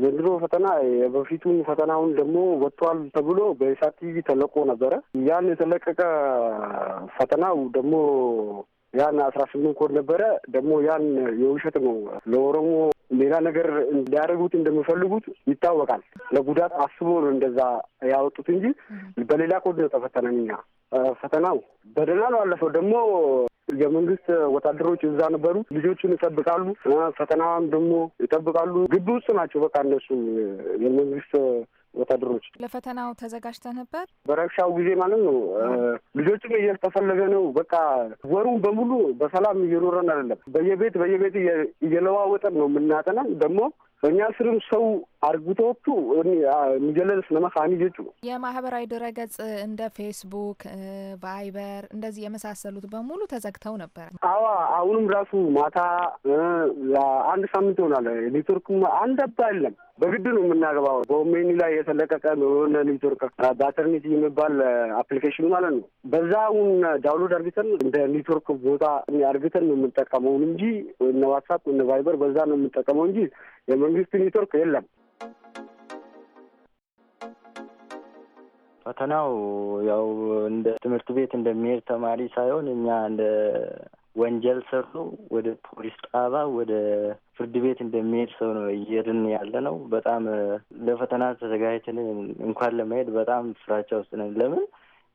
ዘንድሮ ፈተና የበፊቱን ፈተናውን ደግሞ ወጥቷል ተብሎ በኢሳት ቲቪ ተለቆ ነበረ። ያን የተለቀቀ ፈተናው ደግሞ ያን አስራ ስምንት ኮድ ነበረ ደግሞ ያን የውሸት ነው ለኦሮሞ ሌላ ነገር እንዲያደርጉት እንደሚፈልጉት ይታወቃል። ለጉዳት አስቦ ነው እንደዛ ያወጡት እንጂ በሌላ ኮድ ነው ተፈተነን እኛ። ፈተናው በደህና ነው አለፈው ደግሞ የመንግስት ወታደሮች እዛ ነበሩ። ልጆቹን ይጠብቃሉ፣ ፈተናዋን ደግሞ ይጠብቃሉ። ግቢ ውስጥ ናቸው። በቃ እነሱ የመንግስት ወታደሮች። ለፈተናው ተዘጋጅተ ነበር? በረብሻው ጊዜ ማለት ነው። ልጆችም እየተፈለገ ነው። በቃ ወሩን በሙሉ በሰላም እየኖረን አይደለም። በየቤት በየቤት እየለዋወጠን ነው የምናጠናን ደግሞ እኛ ስርም ሰው አርግቶቹ የሚገለልስ ነመካኒጆቹ የማህበራዊ ድረገጽ እንደ ፌስቡክ፣ ቫይበር እንደዚህ የመሳሰሉት በሙሉ ተዘግተው ነበር። አዋ አሁንም ራሱ ማታ አንድ ሳምንት ይሆናል። ኔትወርክ አንድ አባ የለም በግድ ነው የምናገባው። በሜኒ ላይ የተለቀቀ የሆነ ኔትወርክ በአተርኔት የሚባል አፕሊኬሽን ማለት ነው። በዛውን ዳውንሎድ አርግተን እንደ ኔትወርክ ቦታ አርግተን ነው የምንጠቀመውን እንጂ እነ ዋትሳፕ እነ ቫይበር በዛ ነው የምንጠቀመው እንጂ የመንግስት ኔትወርክ የለም። ፈተናው ያው እንደ ትምህርት ቤት እንደሚሄድ ተማሪ ሳይሆን እኛ እንደ ወንጀል ሰሩ ወደ ፖሊስ ጣባ ወደ ፍርድ ቤት እንደሚሄድ ሰው ነው እየሄድን ያለ ነው። በጣም ለፈተና ተዘጋጅተን እንኳን ለመሄድ በጣም ፍራቻ ውስጥ ነን። ለምን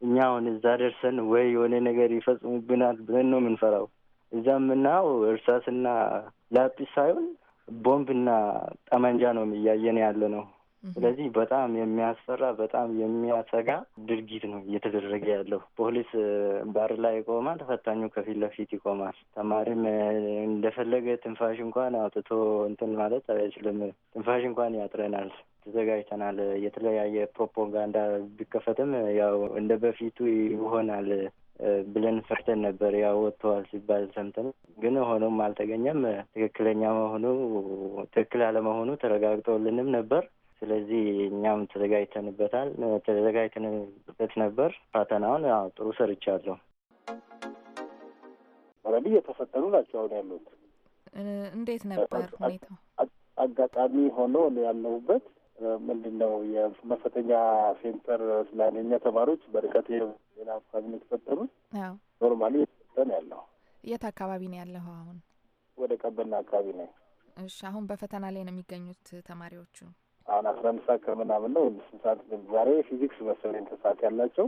እኛ አሁን እዛ ደርሰን ወይ የሆነ ነገር ይፈጽሙብናል ብለን ነው የምንፈራው። እዛ የምናየው እርሳስና ላጲስ ሳይሆን ቦምብና ጠመንጃ ነው እያየን ያለ ነው። ስለዚህ በጣም የሚያስፈራ በጣም የሚያሰጋ ድርጊት ነው እየተደረገ ያለው። ፖሊስ ባር ላይ ይቆማል፣ ተፈታኙ ከፊት ለፊት ይቆማል። ተማሪም እንደፈለገ ትንፋሽ እንኳን አውጥቶ እንትን ማለት አይችልም። ትንፋሽ እንኳን ያጥረናል። ተዘጋጅተናል። የተለያየ ፕሮፓጋንዳ ቢከፈትም ያው እንደ በፊቱ ይሆናል ብለን ፈርተን ነበር። ያው ወጥተዋል ሲባል ሰምተን ግን ሆኖም አልተገኘም። ትክክለኛ መሆኑ ትክክል አለመሆኑ ተረጋግጦልንም ነበር ስለዚህ እኛም ተዘጋጅተንበታል ተዘጋጅተንበት ነበር። ፈተናውን ጥሩ ሰርቻለሁ። ረቢ የተፈተኑ ናቸው አሁን ያሉት። እንዴት ነበር ሁኔታው? አጋጣሚ ሆኖ ያለሁበት ምንድን ነው የመፈተኛ ሴንተር ስለአንደኛ ተማሪዎች በርቀት ሌላ አካባቢ ነው የተፈተኑት። ኖርማሊ ያለው የት አካባቢ ነው ያለው? አሁን ወደ ቀበና አካባቢ ነው። እሺ፣ አሁን በፈተና ላይ ነው የሚገኙት ተማሪዎቹ። አሁን አስራ አምስት ሰዓት ከምናምን ነው ስንት ሰዓት ዛሬ ፊዚክስ መሰለኝ ተሳት ያላቸው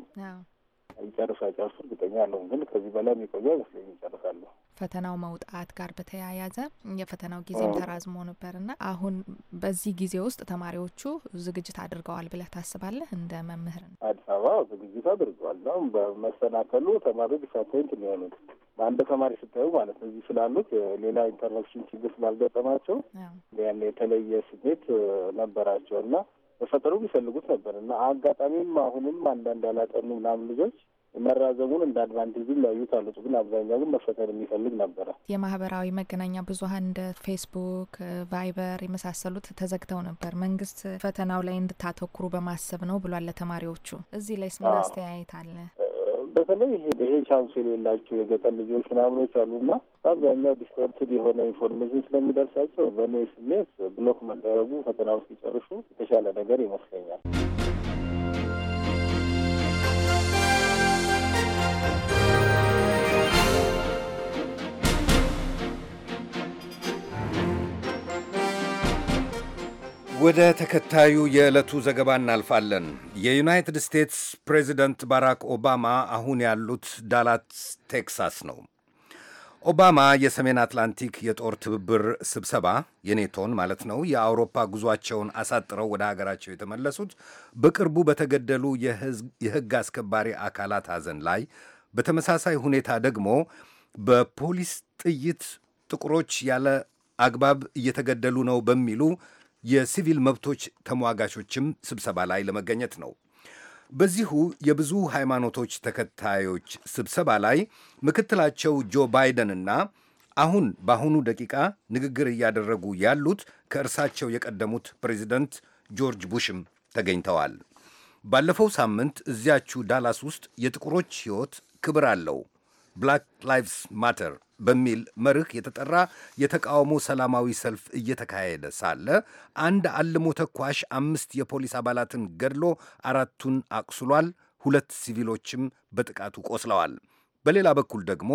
ይጨርሱ አይጨርሱ እርግጠኛ አለሁም፣ ግን ከዚህ በላይ የሚቆዩ አይመስለኝ ይጨርሳሉ። ፈተናው መውጣት ጋር በተያያዘ የፈተናው ጊዜም ተራዝሞ ነበር ና አሁን በዚህ ጊዜ ውስጥ ተማሪዎቹ ዝግጅት አድርገዋል ብለህ ታስባለህ? እንደ መምህር ነው አዲስ አበባ ዝግጅት አድርገዋል። በመሰናከሉ ተማሪ ዲስአፖይንት የሚሆኑት በአንድ ተማሪ ስታዩ ማለት ነው እዚህ ስላሉት ሌላ ኢንተርኔክሽን ችግር ስላልገጠማቸው ያን የተለየ ስሜት ነበራቸው እና በፈጠሩ የሚፈልጉት ነበር እና አጋጣሚም አሁንም አንዳንድ ያላጠኑ ምናምን ልጆች መራዘሙን እንደ አድቫንቴጅ ሊያዩት አሉት። ግን አብዛኛው ግን መፈተን የሚፈልግ ነበረ። የማህበራዊ መገናኛ ብዙሀን እንደ ፌስቡክ፣ ቫይበር የመሳሰሉት ተዘግተው ነበር። መንግስት ፈተናው ላይ እንድታተኩሩ በማሰብ ነው ብሏል ለተማሪዎቹ። እዚህ ላይ ስምን አስተያየት አለ? በተለይ ይሄ ቻንስ የሌላቸው የገጠር ልጆች ምናምኖች አሉና በአብዛኛው ዲስተርትድ የሆነ ኢንፎርሜሽን ስለሚደርሳቸው በእኔ ስሜት ብሎክ መደረጉ ፈተናውን ሲጨርሱ የተሻለ ነገር ይመስለኛል። ወደ ተከታዩ የዕለቱ ዘገባ እናልፋለን። የዩናይትድ ስቴትስ ፕሬዚደንት ባራክ ኦባማ አሁን ያሉት ዳላስ ቴክሳስ ነው። ኦባማ የሰሜን አትላንቲክ የጦር ትብብር ስብሰባ የኔቶን ማለት ነው የአውሮፓ ጉዟቸውን አሳጥረው ወደ ሀገራቸው የተመለሱት በቅርቡ በተገደሉ የሕግ አስከባሪ አካላት ሐዘን ላይ በተመሳሳይ ሁኔታ ደግሞ በፖሊስ ጥይት ጥቁሮች ያለ አግባብ እየተገደሉ ነው በሚሉ የሲቪል መብቶች ተሟጋቾችም ስብሰባ ላይ ለመገኘት ነው። በዚሁ የብዙ ሃይማኖቶች ተከታዮች ስብሰባ ላይ ምክትላቸው ጆ ባይደንና አሁን በአሁኑ ደቂቃ ንግግር እያደረጉ ያሉት ከእርሳቸው የቀደሙት ፕሬዚደንት ጆርጅ ቡሽም ተገኝተዋል። ባለፈው ሳምንት እዚያችሁ ዳላስ ውስጥ የጥቁሮች ሕይወት ክብር አለው ብላክ ላይቭስ ማተር በሚል መርህ የተጠራ የተቃውሞ ሰላማዊ ሰልፍ እየተካሄደ ሳለ አንድ አልሞ ተኳሽ አምስት የፖሊስ አባላትን ገድሎ አራቱን አቁስሏል። ሁለት ሲቪሎችም በጥቃቱ ቆስለዋል። በሌላ በኩል ደግሞ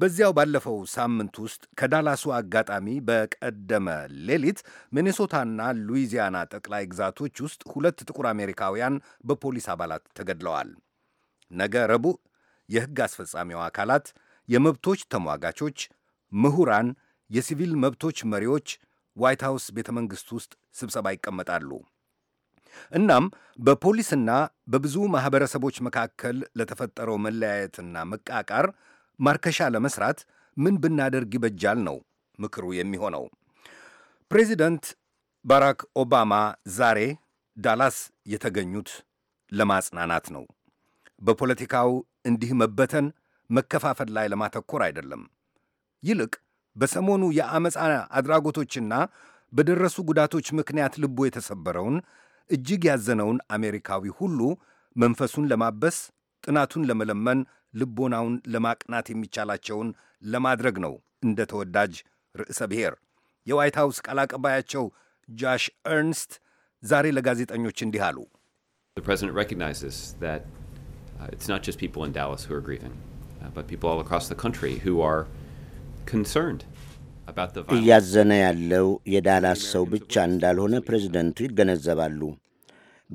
በዚያው ባለፈው ሳምንት ውስጥ ከዳላሱ አጋጣሚ በቀደመ ሌሊት ሚኔሶታና ሉዊዚያና ጠቅላይ ግዛቶች ውስጥ ሁለት ጥቁር አሜሪካውያን በፖሊስ አባላት ተገድለዋል። ነገ ረቡዕ የሕግ አስፈጻሚው አካላት፣ የመብቶች ተሟጋቾች፣ ምሁራን፣ የሲቪል መብቶች መሪዎች ዋይት ሃውስ ቤተ መንግሥት ውስጥ ስብሰባ ይቀመጣሉ። እናም በፖሊስና በብዙ ማኅበረሰቦች መካከል ለተፈጠረው መለያየትና መቃቃር ማርከሻ ለመስራት ምን ብናደርግ ይበጃል ነው ምክሩ የሚሆነው። ፕሬዚደንት ባራክ ኦባማ ዛሬ ዳላስ የተገኙት ለማጽናናት ነው። በፖለቲካው እንዲህ መበተን፣ መከፋፈል ላይ ለማተኮር አይደለም። ይልቅ በሰሞኑ የአመፃ አድራጎቶችና በደረሱ ጉዳቶች ምክንያት ልቡ የተሰበረውን እጅግ ያዘነውን አሜሪካዊ ሁሉ መንፈሱን ለማበስ ጥናቱን ለመለመን ልቦናውን ለማቅናት የሚቻላቸውን ለማድረግ ነው። እንደ ተወዳጅ ርዕሰ ብሔር የዋይት ሃውስ ቃል አቀባያቸው ኤርንስት ዛሬ ለጋዜጠኞች እንዲህ አሉ። Uh, it's not just people in Dallas who are grieving, uh, but people all across the country who are concerned እያዘነ ያለው የዳላስ ሰው ብቻ እንዳልሆነ ፕሬዚደንቱ ይገነዘባሉ።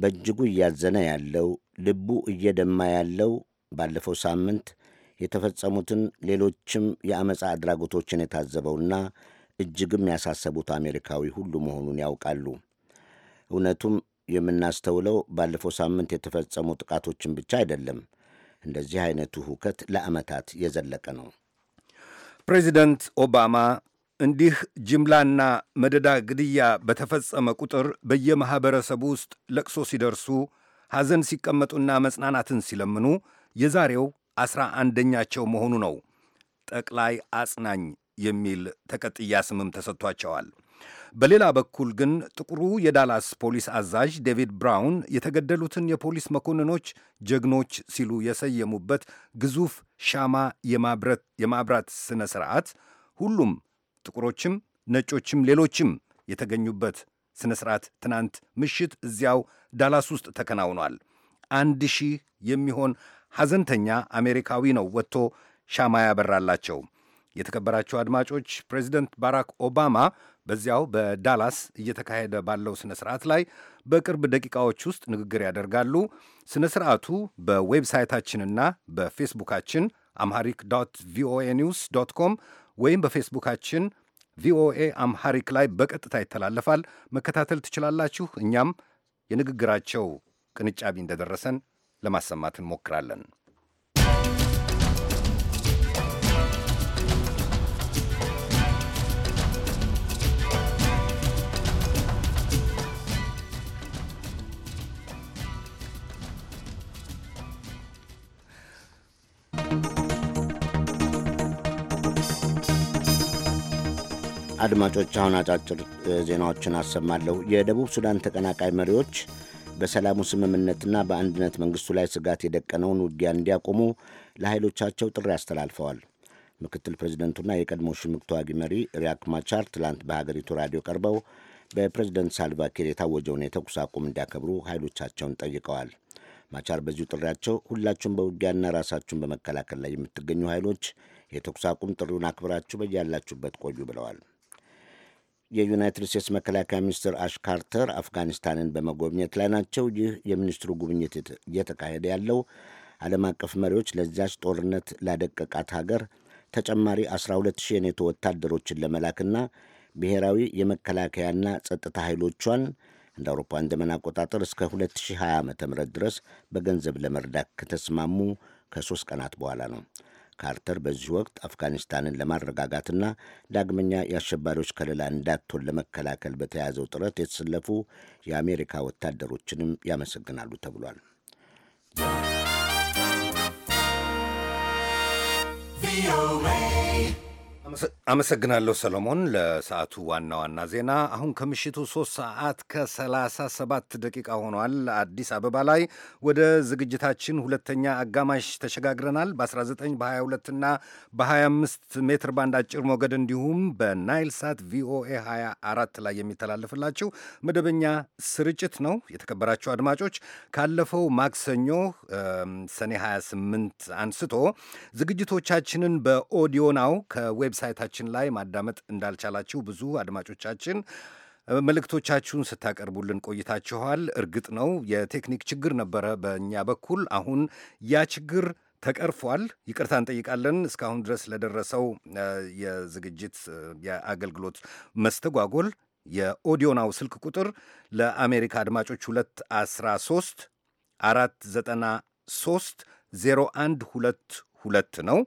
በእጅጉ እያዘነ ያለው ልቡ እየደማ ያለው ባለፈው ሳምንት የተፈጸሙትን ሌሎችም የአመፃ አድራጎቶችን የታዘበውና እጅግም ያሳሰቡት አሜሪካዊ ሁሉ መሆኑን ያውቃሉ። እውነቱም የምናስተውለው ባለፈው ሳምንት የተፈጸሙ ጥቃቶችን ብቻ አይደለም። እንደዚህ አይነቱ ሁከት ለዓመታት የዘለቀ ነው። ፕሬዚደንት ኦባማ እንዲህ ጅምላና መደዳ ግድያ በተፈጸመ ቁጥር በየማኅበረሰቡ ውስጥ ለቅሶ ሲደርሱ፣ ሐዘን ሲቀመጡና መጽናናትን ሲለምኑ የዛሬው ዐሥራ አንደኛቸው መሆኑ ነው። ጠቅላይ አጽናኝ የሚል ተቀጥያ ስምም ተሰጥቷቸዋል። በሌላ በኩል ግን ጥቁሩ የዳላስ ፖሊስ አዛዥ ዴቪድ ብራውን የተገደሉትን የፖሊስ መኮንኖች ጀግኖች ሲሉ የሰየሙበት ግዙፍ ሻማ የማብራት ሥነ ሥርዓት ሁሉም ጥቁሮችም፣ ነጮችም፣ ሌሎችም የተገኙበት ሥነ ሥርዓት ትናንት ምሽት እዚያው ዳላስ ውስጥ ተከናውኗል። አንድ ሺህ የሚሆን ሐዘንተኛ አሜሪካዊ ነው ወጥቶ ሻማ ያበራላቸው። የተከበራቸው አድማጮች ፕሬዚደንት ባራክ ኦባማ በዚያው በዳላስ እየተካሄደ ባለው ስነ ስርዓት ላይ በቅርብ ደቂቃዎች ውስጥ ንግግር ያደርጋሉ። ስነ ስርዓቱ በዌብሳይታችንና በፌስቡካችን አምሃሪክ ዶት ቪኦኤ ኒውስ ዶት ኮም ወይም በፌስቡካችን ቪኦኤ አምሃሪክ ላይ በቀጥታ ይተላለፋል። መከታተል ትችላላችሁ። እኛም የንግግራቸው ቅንጫቢ እንደደረሰን ለማሰማት እንሞክራለን። አድማጮች አሁን አጫጭር ዜናዎችን አሰማለሁ። የደቡብ ሱዳን ተቀናቃይ መሪዎች በሰላሙ ስምምነትና በአንድነት መንግስቱ ላይ ስጋት የደቀነውን ውጊያ እንዲያቆሙ ለኃይሎቻቸው ጥሪ አስተላልፈዋል። ምክትል ፕሬዚደንቱና የቀድሞ ሽምቅ ተዋጊ መሪ ሪያክ ማቻር ትላንት በሀገሪቱ ራዲዮ ቀርበው በፕሬዚደንት ሳልቫኪር የታወጀውን የተኩስ አቁም እንዲያከብሩ ኃይሎቻቸውን ጠይቀዋል። ማቻር በዚሁ ጥሪያቸው ሁላችሁም በውጊያና ራሳችሁን በመከላከል ላይ የምትገኙ ኃይሎች የተኩስ አቁም ጥሪውን አክብራችሁ በያላችሁበት ቆዩ ብለዋል። የዩናይትድ ስቴትስ መከላከያ ሚኒስትር አሽ ካርተር አፍጋኒስታንን በመጎብኘት ላይ ናቸው። ይህ የሚኒስትሩ ጉብኝት እየተካሄደ ያለው ዓለም አቀፍ መሪዎች ለዚያች ጦርነት ላደቀቃት ሀገር ተጨማሪ 12 የኔቶ ወታደሮችን ለመላክና ብሔራዊ የመከላከያና ጸጥታ ኃይሎቿን እንደ አውሮፓውያን ዘመን አቆጣጠር እስከ 2020 ዓ ም ድረስ በገንዘብ ለመርዳት ከተስማሙ ከሦስት ቀናት በኋላ ነው። ካርተር በዚህ ወቅት አፍጋኒስታንን ለማረጋጋትና ዳግመኛ የአሸባሪዎች ከለላ እንዳትሆን ለመከላከል በተያዘው ጥረት የተሰለፉ የአሜሪካ ወታደሮችንም ያመሰግናሉ ተብሏል። ቪኦኤ አመሰግናለሁ ሰሎሞን። ለሰዓቱ ዋና ዋና ዜና አሁን ከምሽቱ ሶስት ሰዓት ከሰላሳ ሰባት ደቂቃ ሆኗል አዲስ አበባ ላይ። ወደ ዝግጅታችን ሁለተኛ አጋማሽ ተሸጋግረናል። በ19 በ22 እና በ25 ሜትር ባንድ አጭር ሞገድ እንዲሁም በናይል ሳት ቪኦኤ 24 ላይ የሚተላለፍላችሁ መደበኛ ስርጭት ነው። የተከበራችሁ አድማጮች ካለፈው ማክሰኞ ሰኔ 28 አንስቶ ዝግጅቶቻችንን በኦዲዮ ናው ከዌብ ዌብሳይታችን ላይ ማዳመጥ እንዳልቻላችሁ ብዙ አድማጮቻችን መልእክቶቻችሁን ስታቀርቡልን ቆይታችኋል። እርግጥ ነው የቴክኒክ ችግር ነበረ በእኛ በኩል። አሁን ያ ችግር ተቀርፏል። ይቅርታ እንጠይቃለን እስካሁን ድረስ ለደረሰው የዝግጅት የአገልግሎት መስተጓጎል። የኦዲዮናው ስልክ ቁጥር ለአሜሪካ አድማጮች 213 493 0122 ነው።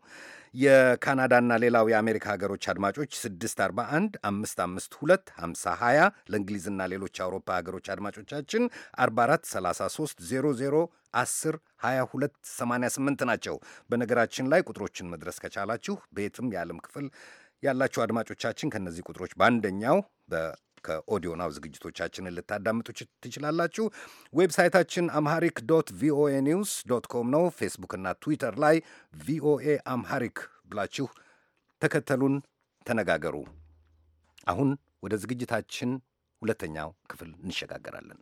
የካናዳና ሌላው የአሜሪካ ሀገሮች አድማጮች 641 552 520 ለእንግሊዝና ሌሎች አውሮፓ ሀገሮች አድማጮቻችን 4433 00 10 22 88 ናቸው። በነገራችን ላይ ቁጥሮችን መድረስ ከቻላችሁ በየትም የዓለም ክፍል ያላችሁ አድማጮቻችን ከእነዚህ ቁጥሮች በአንደኛው ከኦዲዮ ዝግጅቶቻችንን ልታዳምጡ ትችላላችሁ። ዌብሳይታችን አምሃሪክ ዶት ቪኦኤ ኒውስ ዶት ኮም ነው። ፌስቡክና ትዊተር ላይ ቪኦኤ አምሃሪክ ብላችሁ ተከተሉን፣ ተነጋገሩ። አሁን ወደ ዝግጅታችን ሁለተኛው ክፍል እንሸጋገራለን።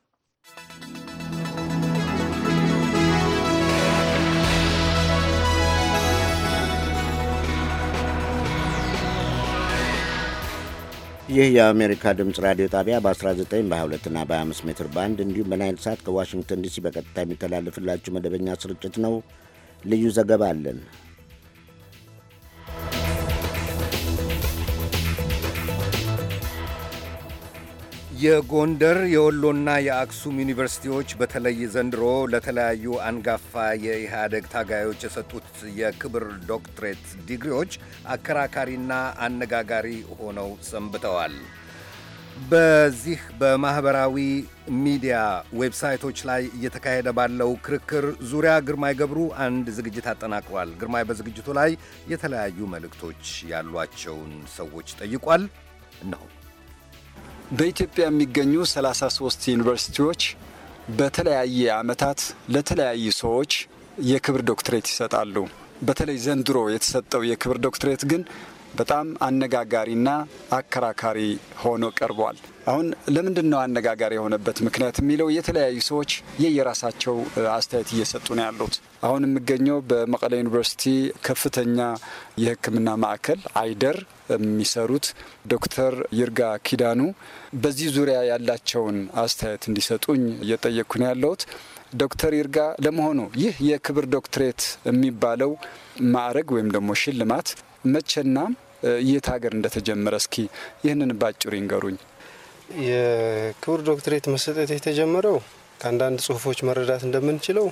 ይህ የአሜሪካ ድምፅ ራዲዮ ጣቢያ በ19 በ22ና በ25 ሜትር ባንድ እንዲሁም በናይል ሳት ከዋሽንግተን ዲሲ በቀጥታ የሚተላለፍላችሁ መደበኛ ስርጭት ነው። ልዩ ዘገባ አለን። የጎንደር የወሎና የአክሱም ዩኒቨርሲቲዎች በተለይ ዘንድሮ ለተለያዩ አንጋፋ የኢህአደግ ታጋዮች የሰጡት የክብር ዶክትሬት ዲግሪዎች አከራካሪና አነጋጋሪ ሆነው ሰንብተዋል። በዚህ በማኅበራዊ ሚዲያ ዌብሳይቶች ላይ እየተካሄደ ባለው ክርክር ዙሪያ ግርማይ ገብሩ አንድ ዝግጅት አጠናቅሯል። ግርማይ በዝግጅቱ ላይ የተለያዩ መልእክቶች ያሏቸውን ሰዎች ጠይቋል ነው በኢትዮጵያ የሚገኙ 33 ዩኒቨርሲቲዎች በተለያየ ዓመታት ለተለያዩ ሰዎች የክብር ዶክትሬት ይሰጣሉ። በተለይ ዘንድሮ የተሰጠው የክብር ዶክትሬት ግን በጣም አነጋጋሪና አከራካሪ ሆኖ ቀርቧል። አሁን ለምንድን ነው አነጋጋሪ የሆነበት ምክንያት የሚለው የተለያዩ ሰዎች የየራሳቸው አስተያየት እየሰጡ ነው ያሉት። አሁን የሚገኘው በመቀለ ዩኒቨርሲቲ ከፍተኛ የሕክምና ማዕከል አይደር የሚሰሩት ዶክተር ይርጋ ኪዳኑ በዚህ ዙሪያ ያላቸውን አስተያየት እንዲሰጡኝ እየጠየቅኩ ነው ያለሁት። ዶክተር ይርጋ ለመሆኑ ይህ የክብር ዶክትሬት የሚባለው ማዕረግ ወይም ደግሞ ሽልማት መቼና የት ሀገር እንደተጀመረ እስኪ ይህንን ባጭሩ ይንገሩኝ። የክቡር ዶክትሬት መሰጠት የተጀመረው ከአንዳንድ ጽሁፎች መረዳት እንደምንችለው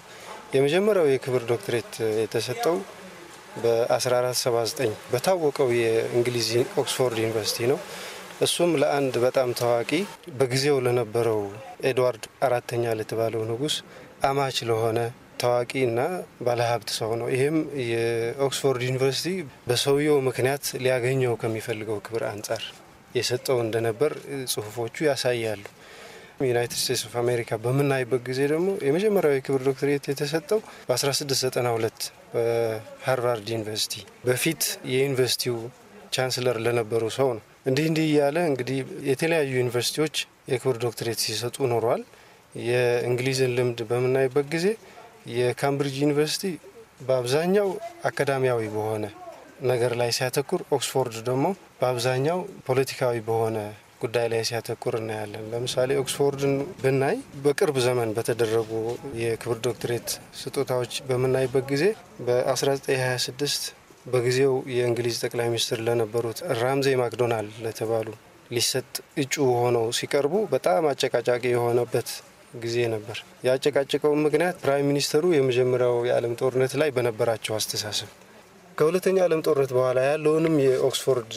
የመጀመሪያው የክብር ዶክትሬት የተሰጠው በ1479 በታወቀው የእንግሊዝ ኦክስፎርድ ዩኒቨርሲቲ ነው። እሱም ለአንድ በጣም ታዋቂ በጊዜው ለነበረው ኤድዋርድ አራተኛ ለተባለው ንጉስ አማች ለሆነ ታዋቂ እና ባለሀብት ሰው ነው። ይህም የኦክስፎርድ ዩኒቨርሲቲ በሰውየው ምክንያት ሊያገኘው ከሚፈልገው ክብር አንጻር የሰጠው እንደነበር ጽሁፎቹ ያሳያሉ። ዩናይትድ ስቴትስ ኦፍ አሜሪካ በምናይበት ጊዜ ደግሞ የመጀመሪያው የክብር ዶክትሬት የተሰጠው በ1692 በሃርቫርድ ዩኒቨርሲቲ በፊት የዩኒቨርሲቲው ቻንስለር ለነበሩ ሰው ነው። እንዲህ እንዲህ እያለ እንግዲህ የተለያዩ ዩኒቨርሲቲዎች የክብር ዶክትሬት ሲሰጡ ኖሯል። የእንግሊዝን ልምድ በምናይበት ጊዜ የካምብሪጅ ዩኒቨርሲቲ በአብዛኛው አካዳሚያዊ በሆነ ነገር ላይ ሲያተኩር፣ ኦክስፎርድ ደግሞ በአብዛኛው ፖለቲካዊ በሆነ ጉዳይ ላይ ሲያተኩር እናያለን። ለምሳሌ ኦክስፎርድን ብናይ በቅርብ ዘመን በተደረጉ የክብር ዶክትሬት ስጦታዎች በምናይበት ጊዜ በ1926 በጊዜው የእንግሊዝ ጠቅላይ ሚኒስትር ለነበሩት ራምዜ ማክዶናልድ ለተባሉ ሊሰጥ እጩ ሆነው ሲቀርቡ በጣም አጨቃጫቂ የሆነበት ጊዜ ነበር። ያጨቃጨቀው ምክንያት ፕራይም ሚኒስተሩ የመጀመሪያው የዓለም ጦርነት ላይ በነበራቸው አስተሳሰብ ከሁለተኛ ዓለም ጦርነት በኋላ ያለውንም የኦክስፎርድ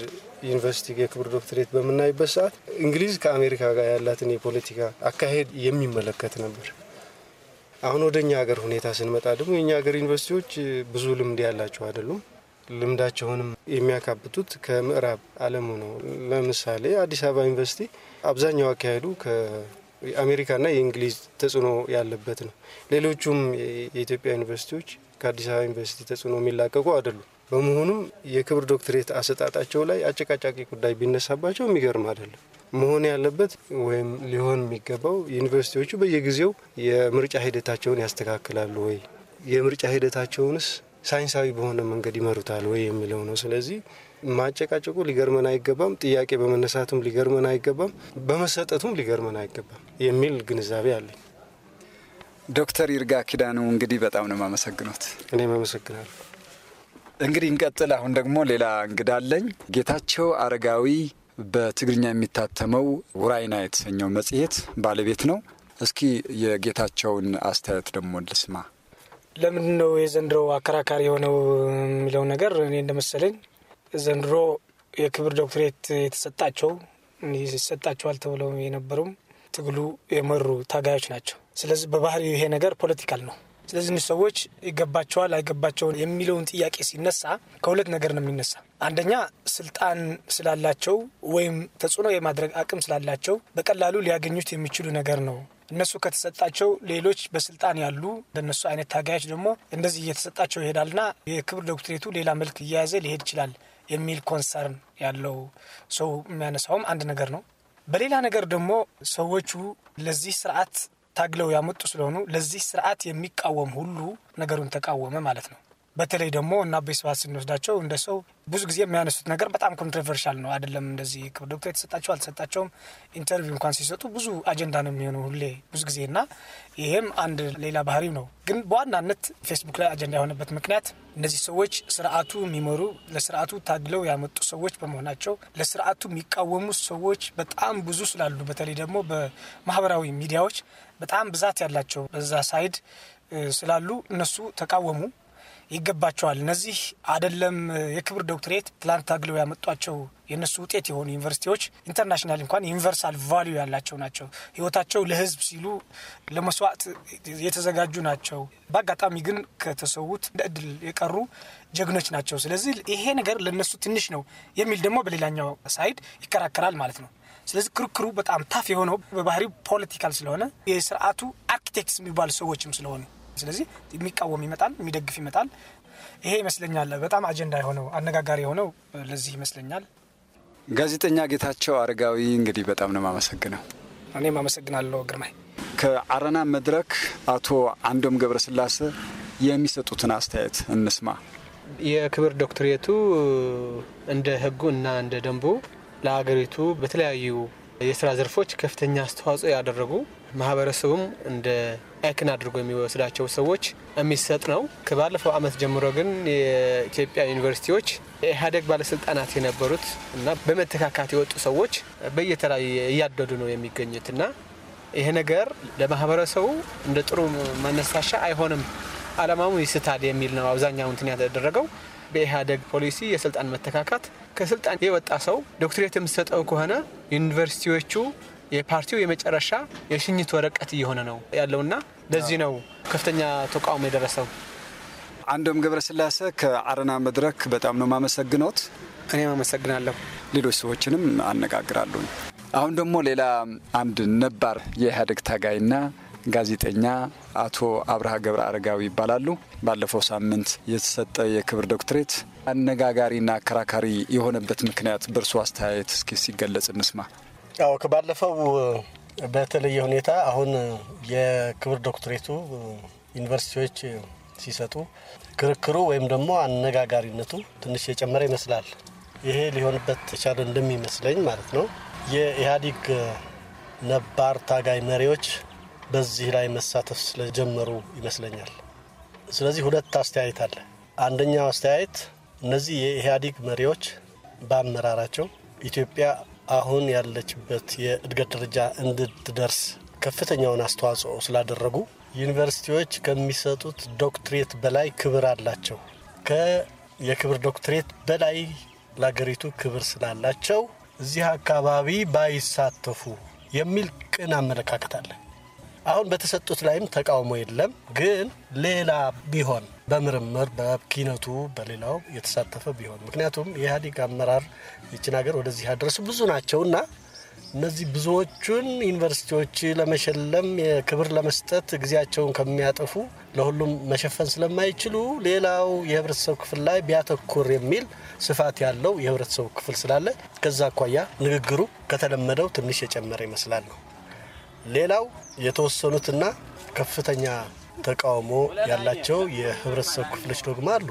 ዩኒቨርሲቲ የክብር ዶክትሬት በምናይበት ሰዓት እንግሊዝ ከአሜሪካ ጋር ያላትን የፖለቲካ አካሄድ የሚመለከት ነበር። አሁን ወደ እኛ ሀገር ሁኔታ ስንመጣ ደግሞ የእኛ ሀገር ዩኒቨርሲቲዎች ብዙ ልምድ ያላቸው አይደሉም። ልምዳቸውንም የሚያካብቱት ከምዕራብ አለም ነው። ለምሳሌ አዲስ አበባ ዩኒቨርሲቲ አብዛኛው አካሄዱ የአሜሪካና የእንግሊዝ ተጽዕኖ ያለበት ነው። ሌሎቹም የኢትዮጵያ ዩኒቨርሲቲዎች ከአዲስ አበባ ዩኒቨርሲቲ ተጽዕኖ የሚላቀቁ አይደሉም። በመሆኑም የክብር ዶክትሬት አሰጣጣቸው ላይ አጨቃጫቂ ጉዳይ ቢነሳባቸው የሚገርም አይደለም። መሆን ያለበት ወይም ሊሆን የሚገባው ዩኒቨርሲቲዎቹ በየጊዜው የምርጫ ሂደታቸውን ያስተካክላሉ ወይ፣ የምርጫ ሂደታቸውንስ ሳይንሳዊ በሆነ መንገድ ይመሩታል ወይ የሚለው ነው። ስለዚህ ማጨቃጨቁ ሊገርመን አይገባም፣ ጥያቄ በመነሳቱም ሊገርመን አይገባም፣ በመሰጠቱም ሊገርመን አይገባም የሚል ግንዛቤ አለኝ። ዶክተር ይርጋ ኪዳኑ እንግዲህ በጣም ነው የማመሰግኖት። እኔም አመሰግናለሁ። እንግዲህ እንቀጥል። አሁን ደግሞ ሌላ እንግዳ አለኝ። ጌታቸው አረጋዊ በትግርኛ የሚታተመው ውራይና የተሰኘው መጽሔት ባለቤት ነው። እስኪ የጌታቸውን አስተያየት ደግሞ ልስማ። ለምንድን ነው የዘንድሮው አከራካሪ የሆነው የሚለው ነገር እኔ እንደመሰለኝ ዘንድሮ የክብር ዶክትሬት የተሰጣቸው ይሰጣቸዋል ተብለው የነበሩም ትግሉ የመሩ ታጋዮች ናቸው። ስለዚህ በባህሪው ይሄ ነገር ፖለቲካል ነው። ስለዚህ እኒህ ሰዎች ይገባቸዋል አይገባቸውን የሚለውን ጥያቄ ሲነሳ ከሁለት ነገር ነው የሚነሳ። አንደኛ ስልጣን ስላላቸው ወይም ተጽዕኖ የማድረግ አቅም ስላላቸው በቀላሉ ሊያገኙት የሚችሉ ነገር ነው። እነሱ ከተሰጣቸው ሌሎች በስልጣን ያሉ እንደነሱ አይነት ታጋዮች ደግሞ እንደዚህ እየተሰጣቸው ይሄዳልና የክብር ዶክትሬቱ ሌላ መልክ እየያዘ ሊሄድ ይችላል የሚል ኮንሰርን ያለው ሰው የሚያነሳውም አንድ ነገር ነው። በሌላ ነገር ደግሞ ሰዎቹ ለዚህ ስርዓት ታግለው ያመጡ ስለሆኑ ለዚህ ስርዓት የሚቃወም ሁሉ ነገሩን ተቃወመ ማለት ነው። በተለይ ደግሞ እና ቤስባት ስንወስዳቸው እንደ ሰው ብዙ ጊዜ የሚያነሱት ነገር በጣም ኮንትሮቨርሻል ነው። አይደለም እንደዚህ ክብር ዶክተር የተሰጣቸው አልተሰጣቸውም ኢንተርቪው እንኳን ሲሰጡ ብዙ አጀንዳ ነው የሚሆነው ሁሌ ብዙ ጊዜ እና ይሄም አንድ ሌላ ባህሪ ነው። ግን በዋናነት ፌስቡክ ላይ አጀንዳ የሆነበት ምክንያት እነዚህ ሰዎች ስርዓቱ የሚመሩ ለስርዓቱ ታግለው ያመጡ ሰዎች በመሆናቸው ለስርዓቱ የሚቃወሙ ሰዎች በጣም ብዙ ስላሉ በተለይ ደግሞ በማህበራዊ ሚዲያዎች በጣም ብዛት ያላቸው በዛ ሳይድ ስላሉ እነሱ ተቃወሙ። ይገባቸዋል። እነዚህ አደለም የክብር ዶክትሬት ትላንት ታግለው ያመጧቸው የእነሱ ውጤት የሆኑ ዩኒቨርሲቲዎች ኢንተርናሽናል እንኳን ዩኒቨርሳል ቫሊዩ ያላቸው ናቸው። ህይወታቸው ለህዝብ ሲሉ ለመስዋዕት የተዘጋጁ ናቸው። በአጋጣሚ ግን ከተሰዉት እንደ እድል የቀሩ ጀግኖች ናቸው። ስለዚህ ይሄ ነገር ለነሱ ትንሽ ነው የሚል ደግሞ በሌላኛው ሳይድ ይከራከራል ማለት ነው። ስለዚህ ክርክሩ በጣም ታፍ የሆነው በባህሪው ፖለቲካል ስለሆነ የስርዓቱ አርኪቴክትስ የሚባሉ ሰዎችም ስለሆኑ ስለዚህ የሚቃወም ይመጣል፣ የሚደግፍ ይመጣል። ይሄ ይመስለኛል በጣም አጀንዳ የሆነው አነጋጋሪ የሆነው ለዚህ ይመስለኛል። ጋዜጠኛ ጌታቸው አረጋዊ እንግዲህ በጣም ነው የማመሰግነው። እኔም አመሰግናለሁ ግርማይ። ከአረና መድረክ አቶ አንዶም ገብረስላሴ የሚሰጡትን አስተያየት እንስማ። የክብር ዶክትሬቱ እንደ ህጉ እና እንደ ደንቡ ለሀገሪቱ በተለያዩ የስራ ዘርፎች ከፍተኛ አስተዋጽኦ ያደረጉ ማህበረሰቡም እንደ አይክን አድርጎ የሚወስዳቸው ሰዎች የሚሰጥ ነው። ከባለፈው ዓመት ጀምሮ ግን የኢትዮጵያ ዩኒቨርሲቲዎች የኢህአዴግ ባለስልጣናት የነበሩት እና በመተካካት የወጡ ሰዎች በየተለያዩ እያደዱ ነው የሚገኙት እና ይሄ ነገር ለማህበረሰቡ እንደ ጥሩ መነሳሻ አይሆንም፣ አላማሙ ይስታል የሚል ነው አብዛኛው እንትን ያደረገው በኢህአዴግ ፖሊሲ የስልጣን መተካካት ከስልጣን የወጣ ሰው ዶክትሬት የምትሰጠው ከሆነ ዩኒቨርሲቲዎቹ የፓርቲው የመጨረሻ የሽኝት ወረቀት እየሆነ ነው ያለውና ለዚህ ነው ከፍተኛ ተቃውሞ የደረሰው። አንዶም ገብረስላሴ ከአረና መድረክ በጣም ነው ማመሰግኖት። እኔም አመሰግናለሁ። ሌሎች ሰዎችንም አነጋግራሉኝ። አሁን ደግሞ ሌላ አንድ ነባር የኢህአዴግ ታጋይና ጋዜጠኛ አቶ አብርሃ ገብረ አረጋዊ ይባላሉ። ባለፈው ሳምንት የተሰጠ የክብር ዶክትሬት አነጋጋሪና አከራካሪ የሆነበት ምክንያት በእርሱ አስተያየት እስኪ ሲገለጽ እንስማ። ያው ከባለፈው በተለየ ሁኔታ አሁን የክብር ዶክትሬቱ ዩኒቨርሲቲዎች ሲሰጡ ክርክሩ ወይም ደግሞ አነጋጋሪነቱ ትንሽ የጨመረ ይመስላል። ይሄ ሊሆንበት ተቻለ እንደሚመስለኝ ማለት ነው የኢህአዴግ ነባር ታጋይ መሪዎች በዚህ ላይ መሳተፍ ስለጀመሩ ይመስለኛል። ስለዚህ ሁለት አስተያየት አለ። አንደኛው አስተያየት እነዚህ የኢህአዴግ መሪዎች በአመራራቸው ኢትዮጵያ አሁን ያለችበት የእድገት ደረጃ እንድትደርስ ከፍተኛውን አስተዋጽኦ ስላደረጉ ዩኒቨርሲቲዎች ከሚሰጡት ዶክትሬት በላይ ክብር አላቸው። ከየክብር ዶክትሬት በላይ ለሀገሪቱ ክብር ስላላቸው እዚህ አካባቢ ባይሳተፉ የሚል ቅን አመለካከት አለ። አሁን በተሰጡት ላይም ተቃውሞ የለም። ግን ሌላ ቢሆን በምርምር በኪነቱ በሌላው የተሳተፈ ቢሆን ምክንያቱም የኢህአዴግ አመራር ይችን ሀገር ወደዚህ ያደረሱ ብዙ ናቸውና እነዚህ ብዙዎቹን ዩኒቨርሲቲዎች ለመሸለም የክብር ለመስጠት ጊዜያቸውን ከሚያጠፉ ለሁሉም መሸፈን ስለማይችሉ ሌላው የህብረተሰብ ክፍል ላይ ቢያተኩር የሚል ስፋት ያለው የህብረተሰቡ ክፍል ስላለ ከዛ አኳያ ንግግሩ ከተለመደው ትንሽ የጨመረ ይመስላል ነው። ሌላው የተወሰኑትና ከፍተኛ ተቃውሞ ያላቸው የህብረተሰብ ክፍሎች ዶግማ አሉ።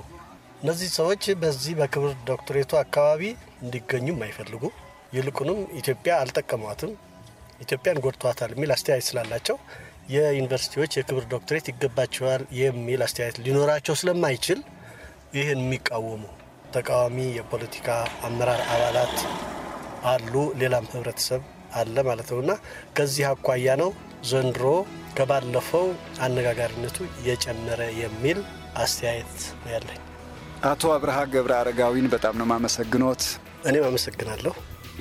እነዚህ ሰዎች በዚህ በክብር ዶክትሬቱ አካባቢ እንዲገኙም አይፈልጉ። ይልቁንም ኢትዮጵያ አልጠቀሟትም፣ ኢትዮጵያን ጎድቷታል የሚል አስተያየት ስላላቸው የዩኒቨርሲቲዎች የክብር ዶክትሬት ይገባቸዋል የሚል አስተያየት ሊኖራቸው ስለማይችል ይህን የሚቃወሙ ተቃዋሚ የፖለቲካ አመራር አባላት አሉ። ሌላም ህብረተሰብ አለ ማለት እና ከዚህ አኳያ ነው ዘንድሮ ከባለፈው አነጋጋሪነቱ የጨመረ የሚል አስተያየት ነው ያለኝ። አቶ አብርሃ ገብረ አረጋዊን በጣም ነው ማመሰግኖት። እኔም አመሰግናለሁ።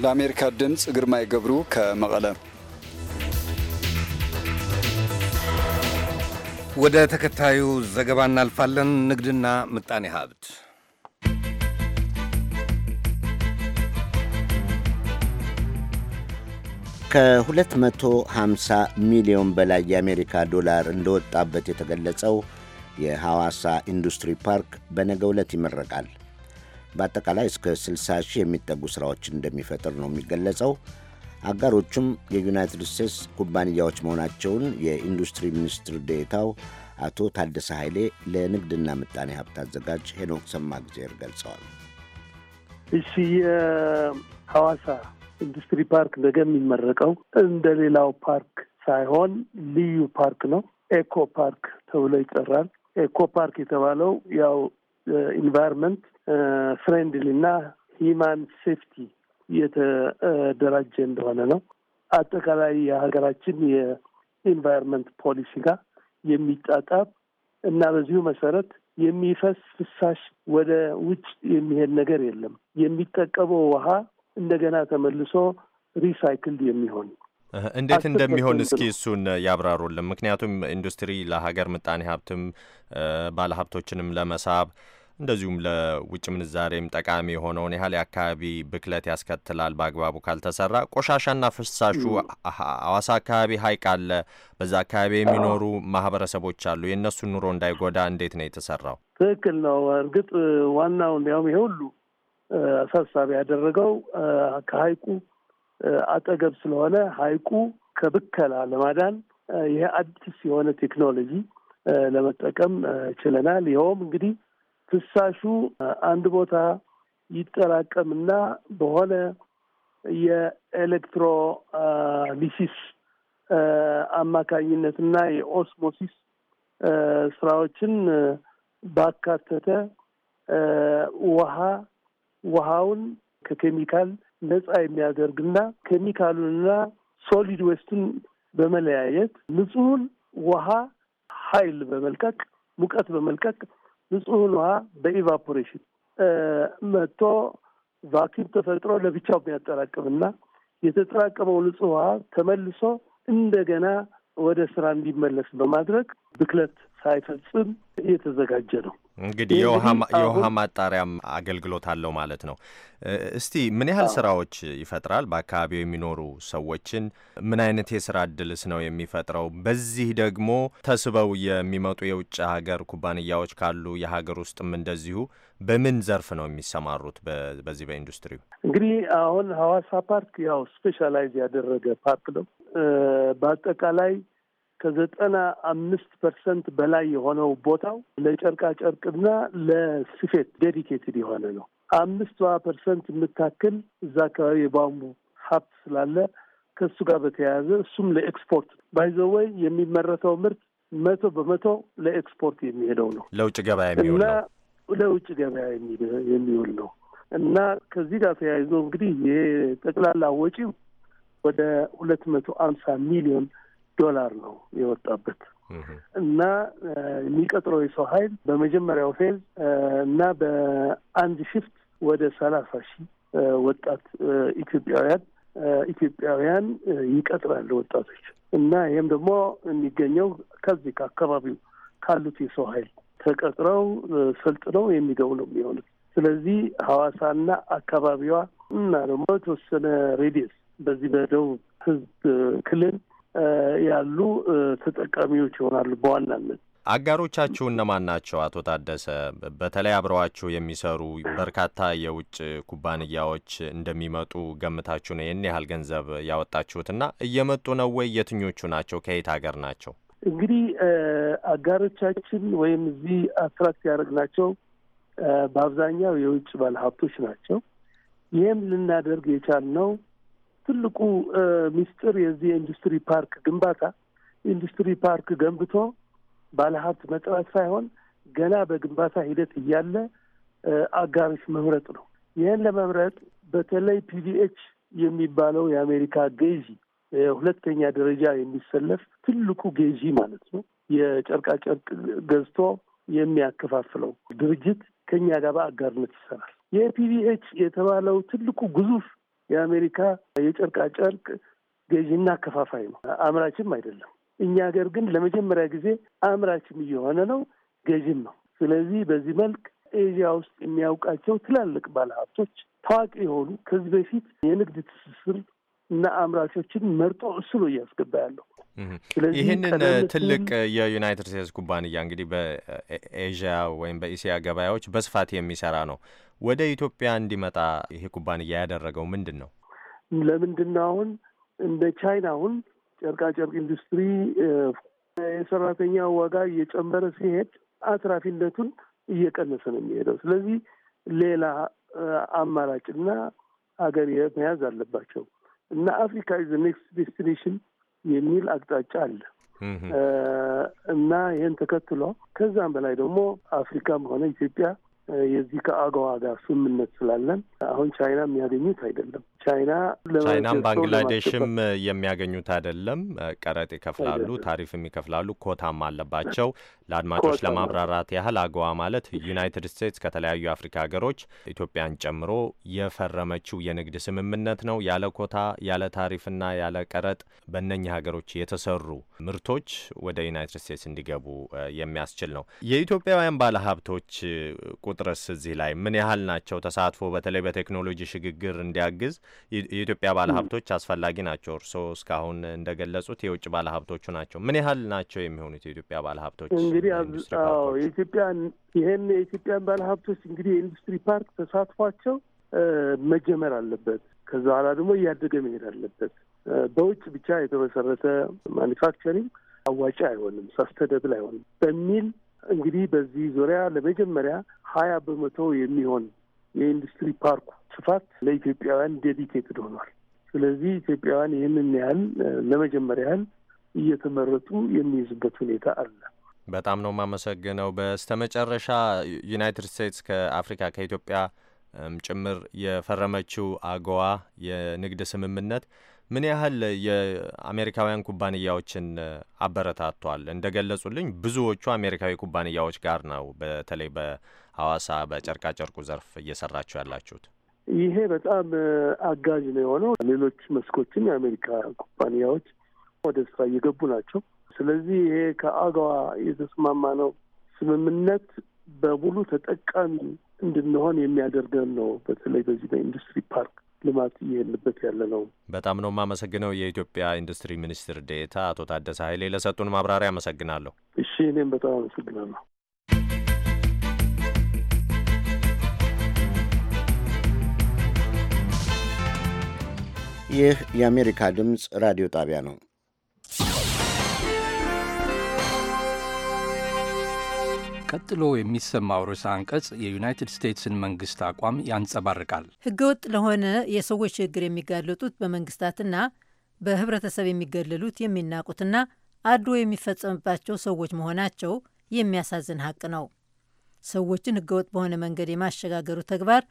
ለአሜሪካ ድምፅ ግርማይ ገብሩ ከመቀለ። ወደ ተከታዩ ዘገባ እናልፋለን። ንግድና ምጣኔ ሀብት ከ250 ሚሊዮን በላይ የአሜሪካ ዶላር እንደወጣበት የተገለጸው የሐዋሳ ኢንዱስትሪ ፓርክ በነገ ዕለት ይመረቃል። በአጠቃላይ እስከ 60 ሺህ የሚጠጉ ሥራዎችን እንደሚፈጥር ነው የሚገለጸው። አጋሮቹም የዩናይትድ ስቴትስ ኩባንያዎች መሆናቸውን የኢንዱስትሪ ሚኒስትር ዴታው አቶ ታደሰ ኃይሌ ለንግድና ምጣኔ ሀብት አዘጋጅ ሄኖክ ሰማግዜር ገልጸዋል። እሺ የሐዋሳ ኢንዱስትሪ ፓርክ ነገ የሚመረቀው እንደ ሌላው ፓርክ ሳይሆን ልዩ ፓርክ ነው። ኤኮ ፓርክ ተብሎ ይጠራል። ኤኮ ፓርክ የተባለው ያው ኢንቫይሮንመንት ፍሬንድሊ እና ሂማን ሴፍቲ የተደራጀ እንደሆነ ነው። አጠቃላይ የሀገራችን የኢንቫይሮንመንት ፖሊሲ ጋር የሚጣጣብ እና በዚሁ መሰረት የሚፈስ ፍሳሽ ወደ ውጭ የሚሄድ ነገር የለም። የሚጠቀመው ውሃ እንደገና ተመልሶ ሪሳይክልድ የሚሆን እንዴት እንደሚሆን እስኪ እሱን ያብራሩልን። ምክንያቱም ኢንዱስትሪ ለሀገር ምጣኔ ሀብትም ባለሀብቶችንም ለመሳብ እንደዚሁም ለውጭ ምንዛሬም ጠቃሚ የሆነውን ያህል የአካባቢ ብክለት ያስከትላል በአግባቡ ካልተሰራ። ቆሻሻና ፍሳሹ አዋሳ አካባቢ ሀይቅ አለ። በዛ አካባቢ የሚኖሩ ማህበረሰቦች አሉ። የእነሱን ኑሮ እንዳይጎዳ እንዴት ነው የተሰራው? ትክክል ነው። እርግጥ ዋናው እንዲያውም ይሄ ሁሉ አሳሳቢ ያደረገው ከሀይቁ አጠገብ ስለሆነ ሀይቁ ከብከላ ለማዳን ይሄ አዲስ የሆነ ቴክኖሎጂ ለመጠቀም ችለናል። ይኸውም እንግዲህ ፍሳሹ አንድ ቦታ ይጠራቀምና በሆነ የኤሌክትሮሊሲስ አማካኝነትና የኦስሞሲስ ስራዎችን ባካተተ ውሃ ውሃውን ከኬሚካል ነጻ የሚያደርግና ኬሚካሉንና ሶሊድ ዌስቱን በመለያየት ንጹህን ውሃ ኃይል በመልቀቅ ሙቀት በመልቀቅ ንጹህን ውሃ በኢቫፖሬሽን መጥቶ ቫኪም ተፈጥሮ ለብቻው የሚያጠራቅምና የተጠራቀመው ንጹህ ውሃ ተመልሶ እንደገና ወደ ስራ እንዲመለስ በማድረግ ብክለት ሳይፈጽም እየተዘጋጀ ነው። እንግዲህ የውሃ ማጣሪያም አገልግሎት አለው ማለት ነው። እስቲ ምን ያህል ስራዎች ይፈጥራል? በአካባቢው የሚኖሩ ሰዎችን ምን አይነት የስራ እድልስ ነው የሚፈጥረው? በዚህ ደግሞ ተስበው የሚመጡ የውጭ ሀገር ኩባንያዎች ካሉ የሀገር ውስጥም እንደዚሁ በምን ዘርፍ ነው የሚሰማሩት? በዚህ በኢንዱስትሪው እንግዲህ አሁን ሀዋሳ ፓርክ ያው ስፔሻላይዝ ያደረገ ፓርክ ነው። በአጠቃላይ ከዘጠና አምስት ፐርሰንት በላይ የሆነው ቦታው ለጨርቃ ጨርቅና ለስፌት ዴዲኬትድ የሆነ ነው። አምስቷ ፐርሰንት የምታክል እዛ አካባቢ የባምቡ ሀብት ስላለ ከእሱ ጋር በተያያዘ እሱም ለኤክስፖርት ባይዘወይ የሚመረተው ምርት መቶ በመቶ ለኤክስፖርት የሚሄደው ነው። ለውጭ ገበያ የሚውል ነው። ለውጭ ገበያ የሚውል ነው እና ከዚህ ጋር ተያይዞ እንግዲህ ይሄ ጠቅላላ ወጪው ወደ ሁለት መቶ አምሳ ሚሊዮን ዶላር ነው የወጣበት እና የሚቀጥረው የሰው ኃይል በመጀመሪያው ፌዝ እና በአንድ ሽፍት ወደ ሰላሳ ሺህ ወጣት ኢትዮጵያውያን ኢትዮጵያውያን ይቀጥራሉ ወጣቶች እና ይህም ደግሞ የሚገኘው ከዚህ ከአካባቢው ካሉት የሰው ኃይል ተቀጥረው ሰልጥነው የሚገቡ ነው የሚሆኑት። ስለዚህ ሐዋሳና አካባቢዋ እና ደግሞ የተወሰነ ሬዲየስ በዚህ በደቡብ ህዝብ ክልል ያሉ ተጠቃሚዎች ይሆናሉ በዋናነት። አጋሮቻችሁ እነማን ናቸው? አቶ ታደሰ፣ በተለይ አብረዋችሁ የሚሰሩ በርካታ የውጭ ኩባንያዎች እንደሚመጡ ገምታችሁ ነው ይህን ያህል ገንዘብ ያወጣችሁትና፣ እየመጡ ነው ወይ? የትኞቹ ናቸው? ከየት ሀገር ናቸው? እንግዲህ አጋሮቻችን ወይም እዚህ አትራክት ያደረግናቸው በአብዛኛው የውጭ ባለሀብቶች ናቸው። ይህም ልናደርግ የቻልነው ትልቁ ሚስጥር የዚህ የኢንዱስትሪ ፓርክ ግንባታ ኢንዱስትሪ ፓርክ ገንብቶ ባለሀብት መጥራት ሳይሆን ገና በግንባታ ሂደት እያለ አጋሮች መምረጥ ነው። ይህን ለመምረጥ በተለይ ፒቪኤች የሚባለው የአሜሪካ ገዢ ሁለተኛ ደረጃ የሚሰለፍ ትልቁ ገዢ ማለት ነው። የጨርቃጨርቅ ገዝቶ የሚያከፋፍለው ድርጅት ከኛ ጋር በአጋርነት ይሰራል። የፒቪኤች የተባለው ትልቁ ግዙፍ የአሜሪካ የጨርቃጨርቅ ገዥና አከፋፋይ ነው፣ አምራችም አይደለም። እኛ ሀገር ግን ለመጀመሪያ ጊዜ አምራችም እየሆነ ነው፣ ገዥም ነው። ስለዚህ በዚህ መልክ ኤዥያ ውስጥ የሚያውቃቸው ትላልቅ ባለሀብቶች ታዋቂ የሆኑ ከዚህ በፊት የንግድ ትስስር እና አምራቾችን መርጦ እሱ ነው እያስገባ ያለው። ይህንን ትልቅ የዩናይትድ ስቴትስ ኩባንያ እንግዲህ በኤዥያ ወይም በኢሲያ ገበያዎች በስፋት የሚሰራ ነው። ወደ ኢትዮጵያ እንዲመጣ ይሄ ኩባንያ ያደረገው ምንድን ነው? ለምንድን ነው አሁን እንደ ቻይና አሁን ጨርቃጨርቅ ኢንዱስትሪ የሰራተኛ ዋጋ እየጨመረ ሲሄድ አትራፊነቱን እየቀነሰ ነው የሚሄደው። ስለዚህ ሌላ አማራጭና ሀገር መያዝ አለባቸው እና አፍሪካ ኢዝ ኔክስት ዴስቲኔሽን የሚል አቅጣጫ አለ እና ይህን ተከትሎ ከዛም በላይ ደግሞ አፍሪካም ሆነ ኢትዮጵያ የዚህ ከአገዋ ጋር ስምምነት ስላለን አሁን ቻይና የሚያገኙት አይደለም። ቻይና ቻይናም ባንግላዴሽም የሚያገኙት አይደለም። ቀረጥ ይከፍላሉ፣ ታሪፍም ይከፍላሉ፣ ኮታም አለባቸው። ለአድማጮች ለማብራራት ያህል አገዋ ማለት ዩናይትድ ስቴትስ ከተለያዩ አፍሪካ ሀገሮች ኢትዮጵያን ጨምሮ የፈረመችው የንግድ ስምምነት ነው። ያለ ኮታ፣ ያለ ታሪፍና ያለ ቀረጥ በእነኚህ ሀገሮች የተሰሩ ምርቶች ወደ ዩናይትድ ስቴትስ እንዲገቡ የሚያስችል ነው። የኢትዮጵያውያን ባለሀብቶች ቁጥርስ እዚህ ላይ ምን ያህል ናቸው? ተሳትፎ በተለይ በቴክኖሎጂ ሽግግር እንዲያግዝ የኢትዮጵያ ባለሀብቶች አስፈላጊ ናቸው። እርስዎ እስካሁን እንደገለጹት የውጭ ባለሀብቶቹ ናቸው። ምን ያህል ናቸው የሚሆኑት የኢትዮጵያ ባለሀብቶች? እንግዲህ የኢትዮጵያን ይህን የኢትዮጵያን ባለሀብቶች እንግዲህ የኢንዱስትሪ ፓርክ ተሳትፏቸው መጀመር አለበት። ከዛ በኋላ ደግሞ እያደገ መሄድ አለበት። በውጭ ብቻ የተመሰረተ ማኒፋክቸሪንግ አዋጭ አይሆንም፣ ሳስተደብል አይሆንም በሚል እንግዲህ በዚህ ዙሪያ ለመጀመሪያ ሀያ በመቶ የሚሆን የኢንዱስትሪ ፓርኩ ስፋት ለኢትዮጵያውያን ዴዲኬትድ ሆኗል። ስለዚህ ኢትዮጵያውያን ይህንን ያህል ለመጀመሪያ ያህል እየተመረጡ የሚይዙበት ሁኔታ አለ። በጣም ነው የማመሰግነው። በስተመጨረሻ ዩናይትድ ስቴትስ ከአፍሪካ ከኢትዮጵያ ጭምር የፈረመችው አጎዋ የንግድ ስምምነት ምን ያህል የአሜሪካውያን ኩባንያዎችን አበረታቷል? እንደገለጹልኝ ብዙዎቹ አሜሪካዊ ኩባንያዎች ጋር ነው በተለይ ሀዋሳ በጨርቃጨርቁ ዘርፍ እየሰራችሁ ያላችሁት? ይሄ በጣም አጋዥ ነው የሆነው። ሌሎች መስኮችም የአሜሪካ ኩባንያዎች ወደ ስራ እየገቡ ናቸው። ስለዚህ ይሄ ከአገዋ የተስማማ ነው ስምምነት በሙሉ ተጠቃሚ እንድንሆን የሚያደርገን ነው። በተለይ በዚህ በኢንዱስትሪ ፓርክ ልማት እየሄድንበት ያለ ነው። በጣም ነው የማመሰግነው የኢትዮጵያ ኢንዱስትሪ ሚኒስትር ዴታ አቶ ታደሰ ኃይሌ ለሰጡን ማብራሪያ አመሰግናለሁ። እሺ፣ እኔም በጣም አመሰግናለሁ። ይህ የአሜሪካ ድምፅ ራዲዮ ጣቢያ ነው። ቀጥሎ የሚሰማው ርዕሰ አንቀጽ የዩናይትድ ስቴትስን መንግስት አቋም ያንጸባርቃል። ህገወጥ ለሆነ የሰዎች ችግር የሚጋለጡት በመንግስታትና በህብረተሰብ የሚገለሉት የሚናቁትና አድሎ የሚፈጸምባቸው ሰዎች መሆናቸው የሚያሳዝን ሀቅ ነው። ሰዎችን ህገወጥ በሆነ መንገድ የማሸጋገሩ ተግባር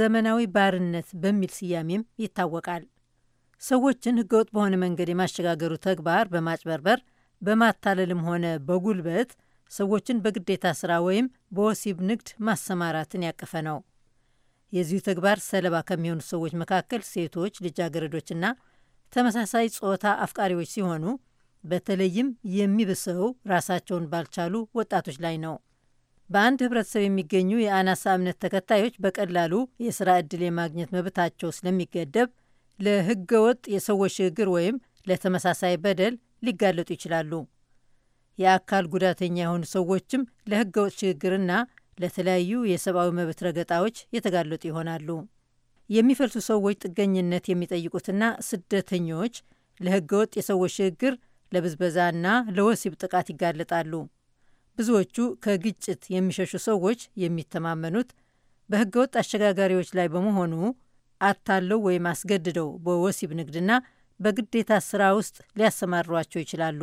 ዘመናዊ ባርነት በሚል ስያሜም ይታወቃል። ሰዎችን ህገወጥ በሆነ መንገድ የማሸጋገሩ ተግባር በማጭበርበር በማታለልም ሆነ በጉልበት ሰዎችን በግዴታ ስራ ወይም በወሲብ ንግድ ማሰማራትን ያቀፈ ነው። የዚሁ ተግባር ሰለባ ከሚሆኑ ሰዎች መካከል ሴቶች፣ ልጃገረዶችና ተመሳሳይ ጾታ አፍቃሪዎች ሲሆኑ በተለይም የሚብሰው ራሳቸውን ባልቻሉ ወጣቶች ላይ ነው። በአንድ ህብረተሰብ የሚገኙ የአናሳ እምነት ተከታዮች በቀላሉ የስራ ዕድል የማግኘት መብታቸው ስለሚገደብ ለህገ ወጥ የሰዎች ሽግግር ወይም ለተመሳሳይ በደል ሊጋለጡ ይችላሉ። የአካል ጉዳተኛ የሆኑ ሰዎችም ለህገ ወጥ ሽግግርና ለተለያዩ የሰብአዊ መብት ረገጣዎች የተጋለጡ ይሆናሉ። የሚፈልሱ ሰዎች ጥገኝነት የሚጠይቁትና ስደተኞች ለህገ ወጥ የሰዎች ሽግግር፣ ለብዝበዛና ለወሲብ ጥቃት ይጋለጣሉ። ብዙዎቹ ከግጭት የሚሸሹ ሰዎች የሚተማመኑት በህገ ወጥ አሸጋጋሪዎች ላይ በመሆኑ አታለው ወይም አስገድደው በወሲብ ንግድና በግዴታ ስራ ውስጥ ሊያሰማሯቸው ይችላሉ።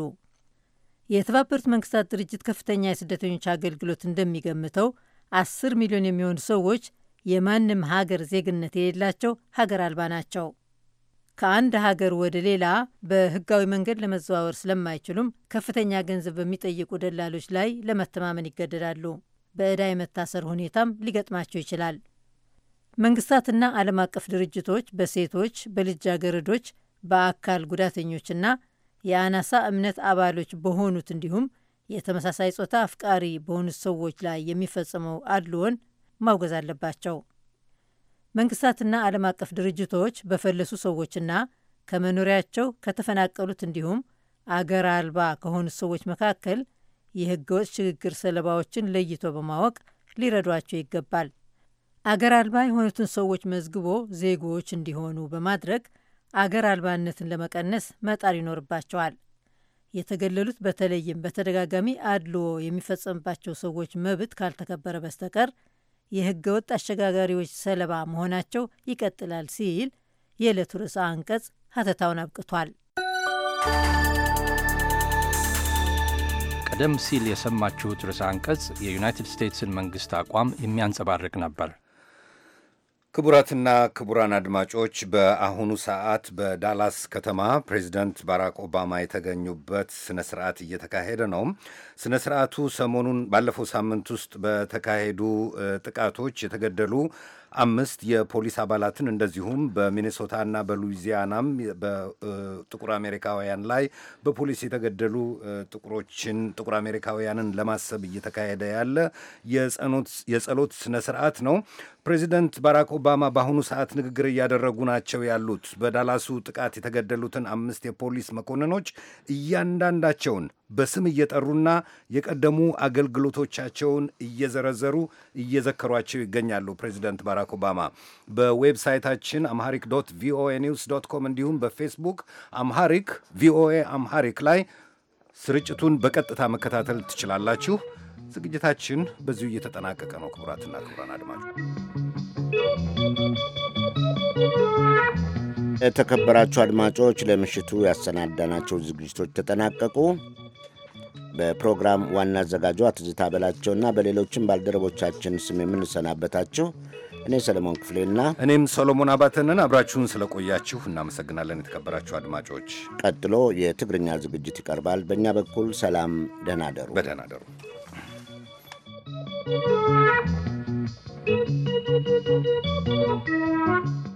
የተባበሩት መንግስታት ድርጅት ከፍተኛ የስደተኞች አገልግሎት እንደሚገምተው አስር ሚሊዮን የሚሆኑ ሰዎች የማንም ሀገር ዜግነት የሌላቸው ሀገር አልባ ናቸው። ከአንድ ሀገር ወደ ሌላ በህጋዊ መንገድ ለመዘዋወር ስለማይችሉም ከፍተኛ ገንዘብ በሚጠይቁ ደላሎች ላይ ለመተማመን ይገደዳሉ። በዕዳ የመታሰር ሁኔታም ሊገጥማቸው ይችላል። መንግስታትና ዓለም አቀፍ ድርጅቶች በሴቶች በልጃገረዶች በአካል ጉዳተኞችና የአናሳ እምነት አባሎች በሆኑት እንዲሁም የተመሳሳይ ጾታ አፍቃሪ በሆኑት ሰዎች ላይ የሚፈጽመው አድልዎን ማውገዝ አለባቸው። መንግስታትና ዓለም አቀፍ ድርጅቶች በፈለሱ ሰዎችና ከመኖሪያቸው ከተፈናቀሉት እንዲሁም አገር አልባ ከሆኑት ሰዎች መካከል የህገወጥ ሽግግር ሰለባዎችን ለይቶ በማወቅ ሊረዷቸው ይገባል። አገር አልባ የሆኑትን ሰዎች መዝግቦ ዜጎች እንዲሆኑ በማድረግ አገር አልባነትን ለመቀነስ መጣር ይኖርባቸዋል። የተገለሉት በተለይም በተደጋጋሚ አድልዎ የሚፈጸምባቸው ሰዎች መብት ካልተከበረ በስተቀር የህገወጥ አሸጋጋሪዎች ሰለባ መሆናቸው ይቀጥላል ሲል የዕለቱ ርዕሰ አንቀጽ ሀተታውን አብቅቷል። ቀደም ሲል የሰማችሁት ርዕሰ አንቀጽ የዩናይትድ ስቴትስን መንግስት አቋም የሚያንጸባርቅ ነበር። ክቡራትና ክቡራን አድማጮች በአሁኑ ሰዓት በዳላስ ከተማ ፕሬዚደንት ባራክ ኦባማ የተገኙበት ስነ ስርዓት እየተካሄደ ነው። ስነ ስርዓቱ ሰሞኑን ባለፈው ሳምንት ውስጥ በተካሄዱ ጥቃቶች የተገደሉ አምስት የፖሊስ አባላትን እንደዚሁም በሚኔሶታና በሉዊዚያናም በጥቁር አሜሪካውያን ላይ በፖሊስ የተገደሉ ጥቁሮችን ጥቁር አሜሪካውያንን ለማሰብ እየተካሄደ ያለ የጸሎት ስነ ስርዓት ነው። ፕሬዚደንት ባራክ ኦባማ በአሁኑ ሰዓት ንግግር እያደረጉ ናቸው ያሉት በዳላሱ ጥቃት የተገደሉትን አምስት የፖሊስ መኮንኖች እያንዳንዳቸውን በስም እየጠሩና የቀደሙ አገልግሎቶቻቸውን እየዘረዘሩ እየዘከሯቸው ይገኛሉ። ፕሬዚደንት ባራክ ኦባማ በዌብሳይታችን አምሃሪክ ዶት ቪኦኤ ኒውስ ዶት ኮም እንዲሁም በፌስቡክ አምሃሪክ ቪኦኤ አምሃሪክ ላይ ስርጭቱን በቀጥታ መከታተል ትችላላችሁ። ዝግጅታችን በዚሁ እየተጠናቀቀ ነው። ክቡራትና ክቡራን አድማጮች የተከበራችሁ አድማጮች ለምሽቱ ያሰናዳናቸው ዝግጅቶች ተጠናቀቁ። በፕሮግራም ዋና አዘጋጇ ትዝታ በላቸውና በሌሎችም ባልደረቦቻችን ስም የምንሰናበታችሁ እኔ ሰለሞን ክፍሌና እኔም ሰሎሞን አባተንን አብራችሁን ስለቆያችሁ እናመሰግናለን። የተከበራችሁ አድማጮች ቀጥሎ የትግርኛ ዝግጅት ይቀርባል። በእኛ በኩል ሰላም፣ ደህና ደሩ፣ በደህና ደሩ። Thank you.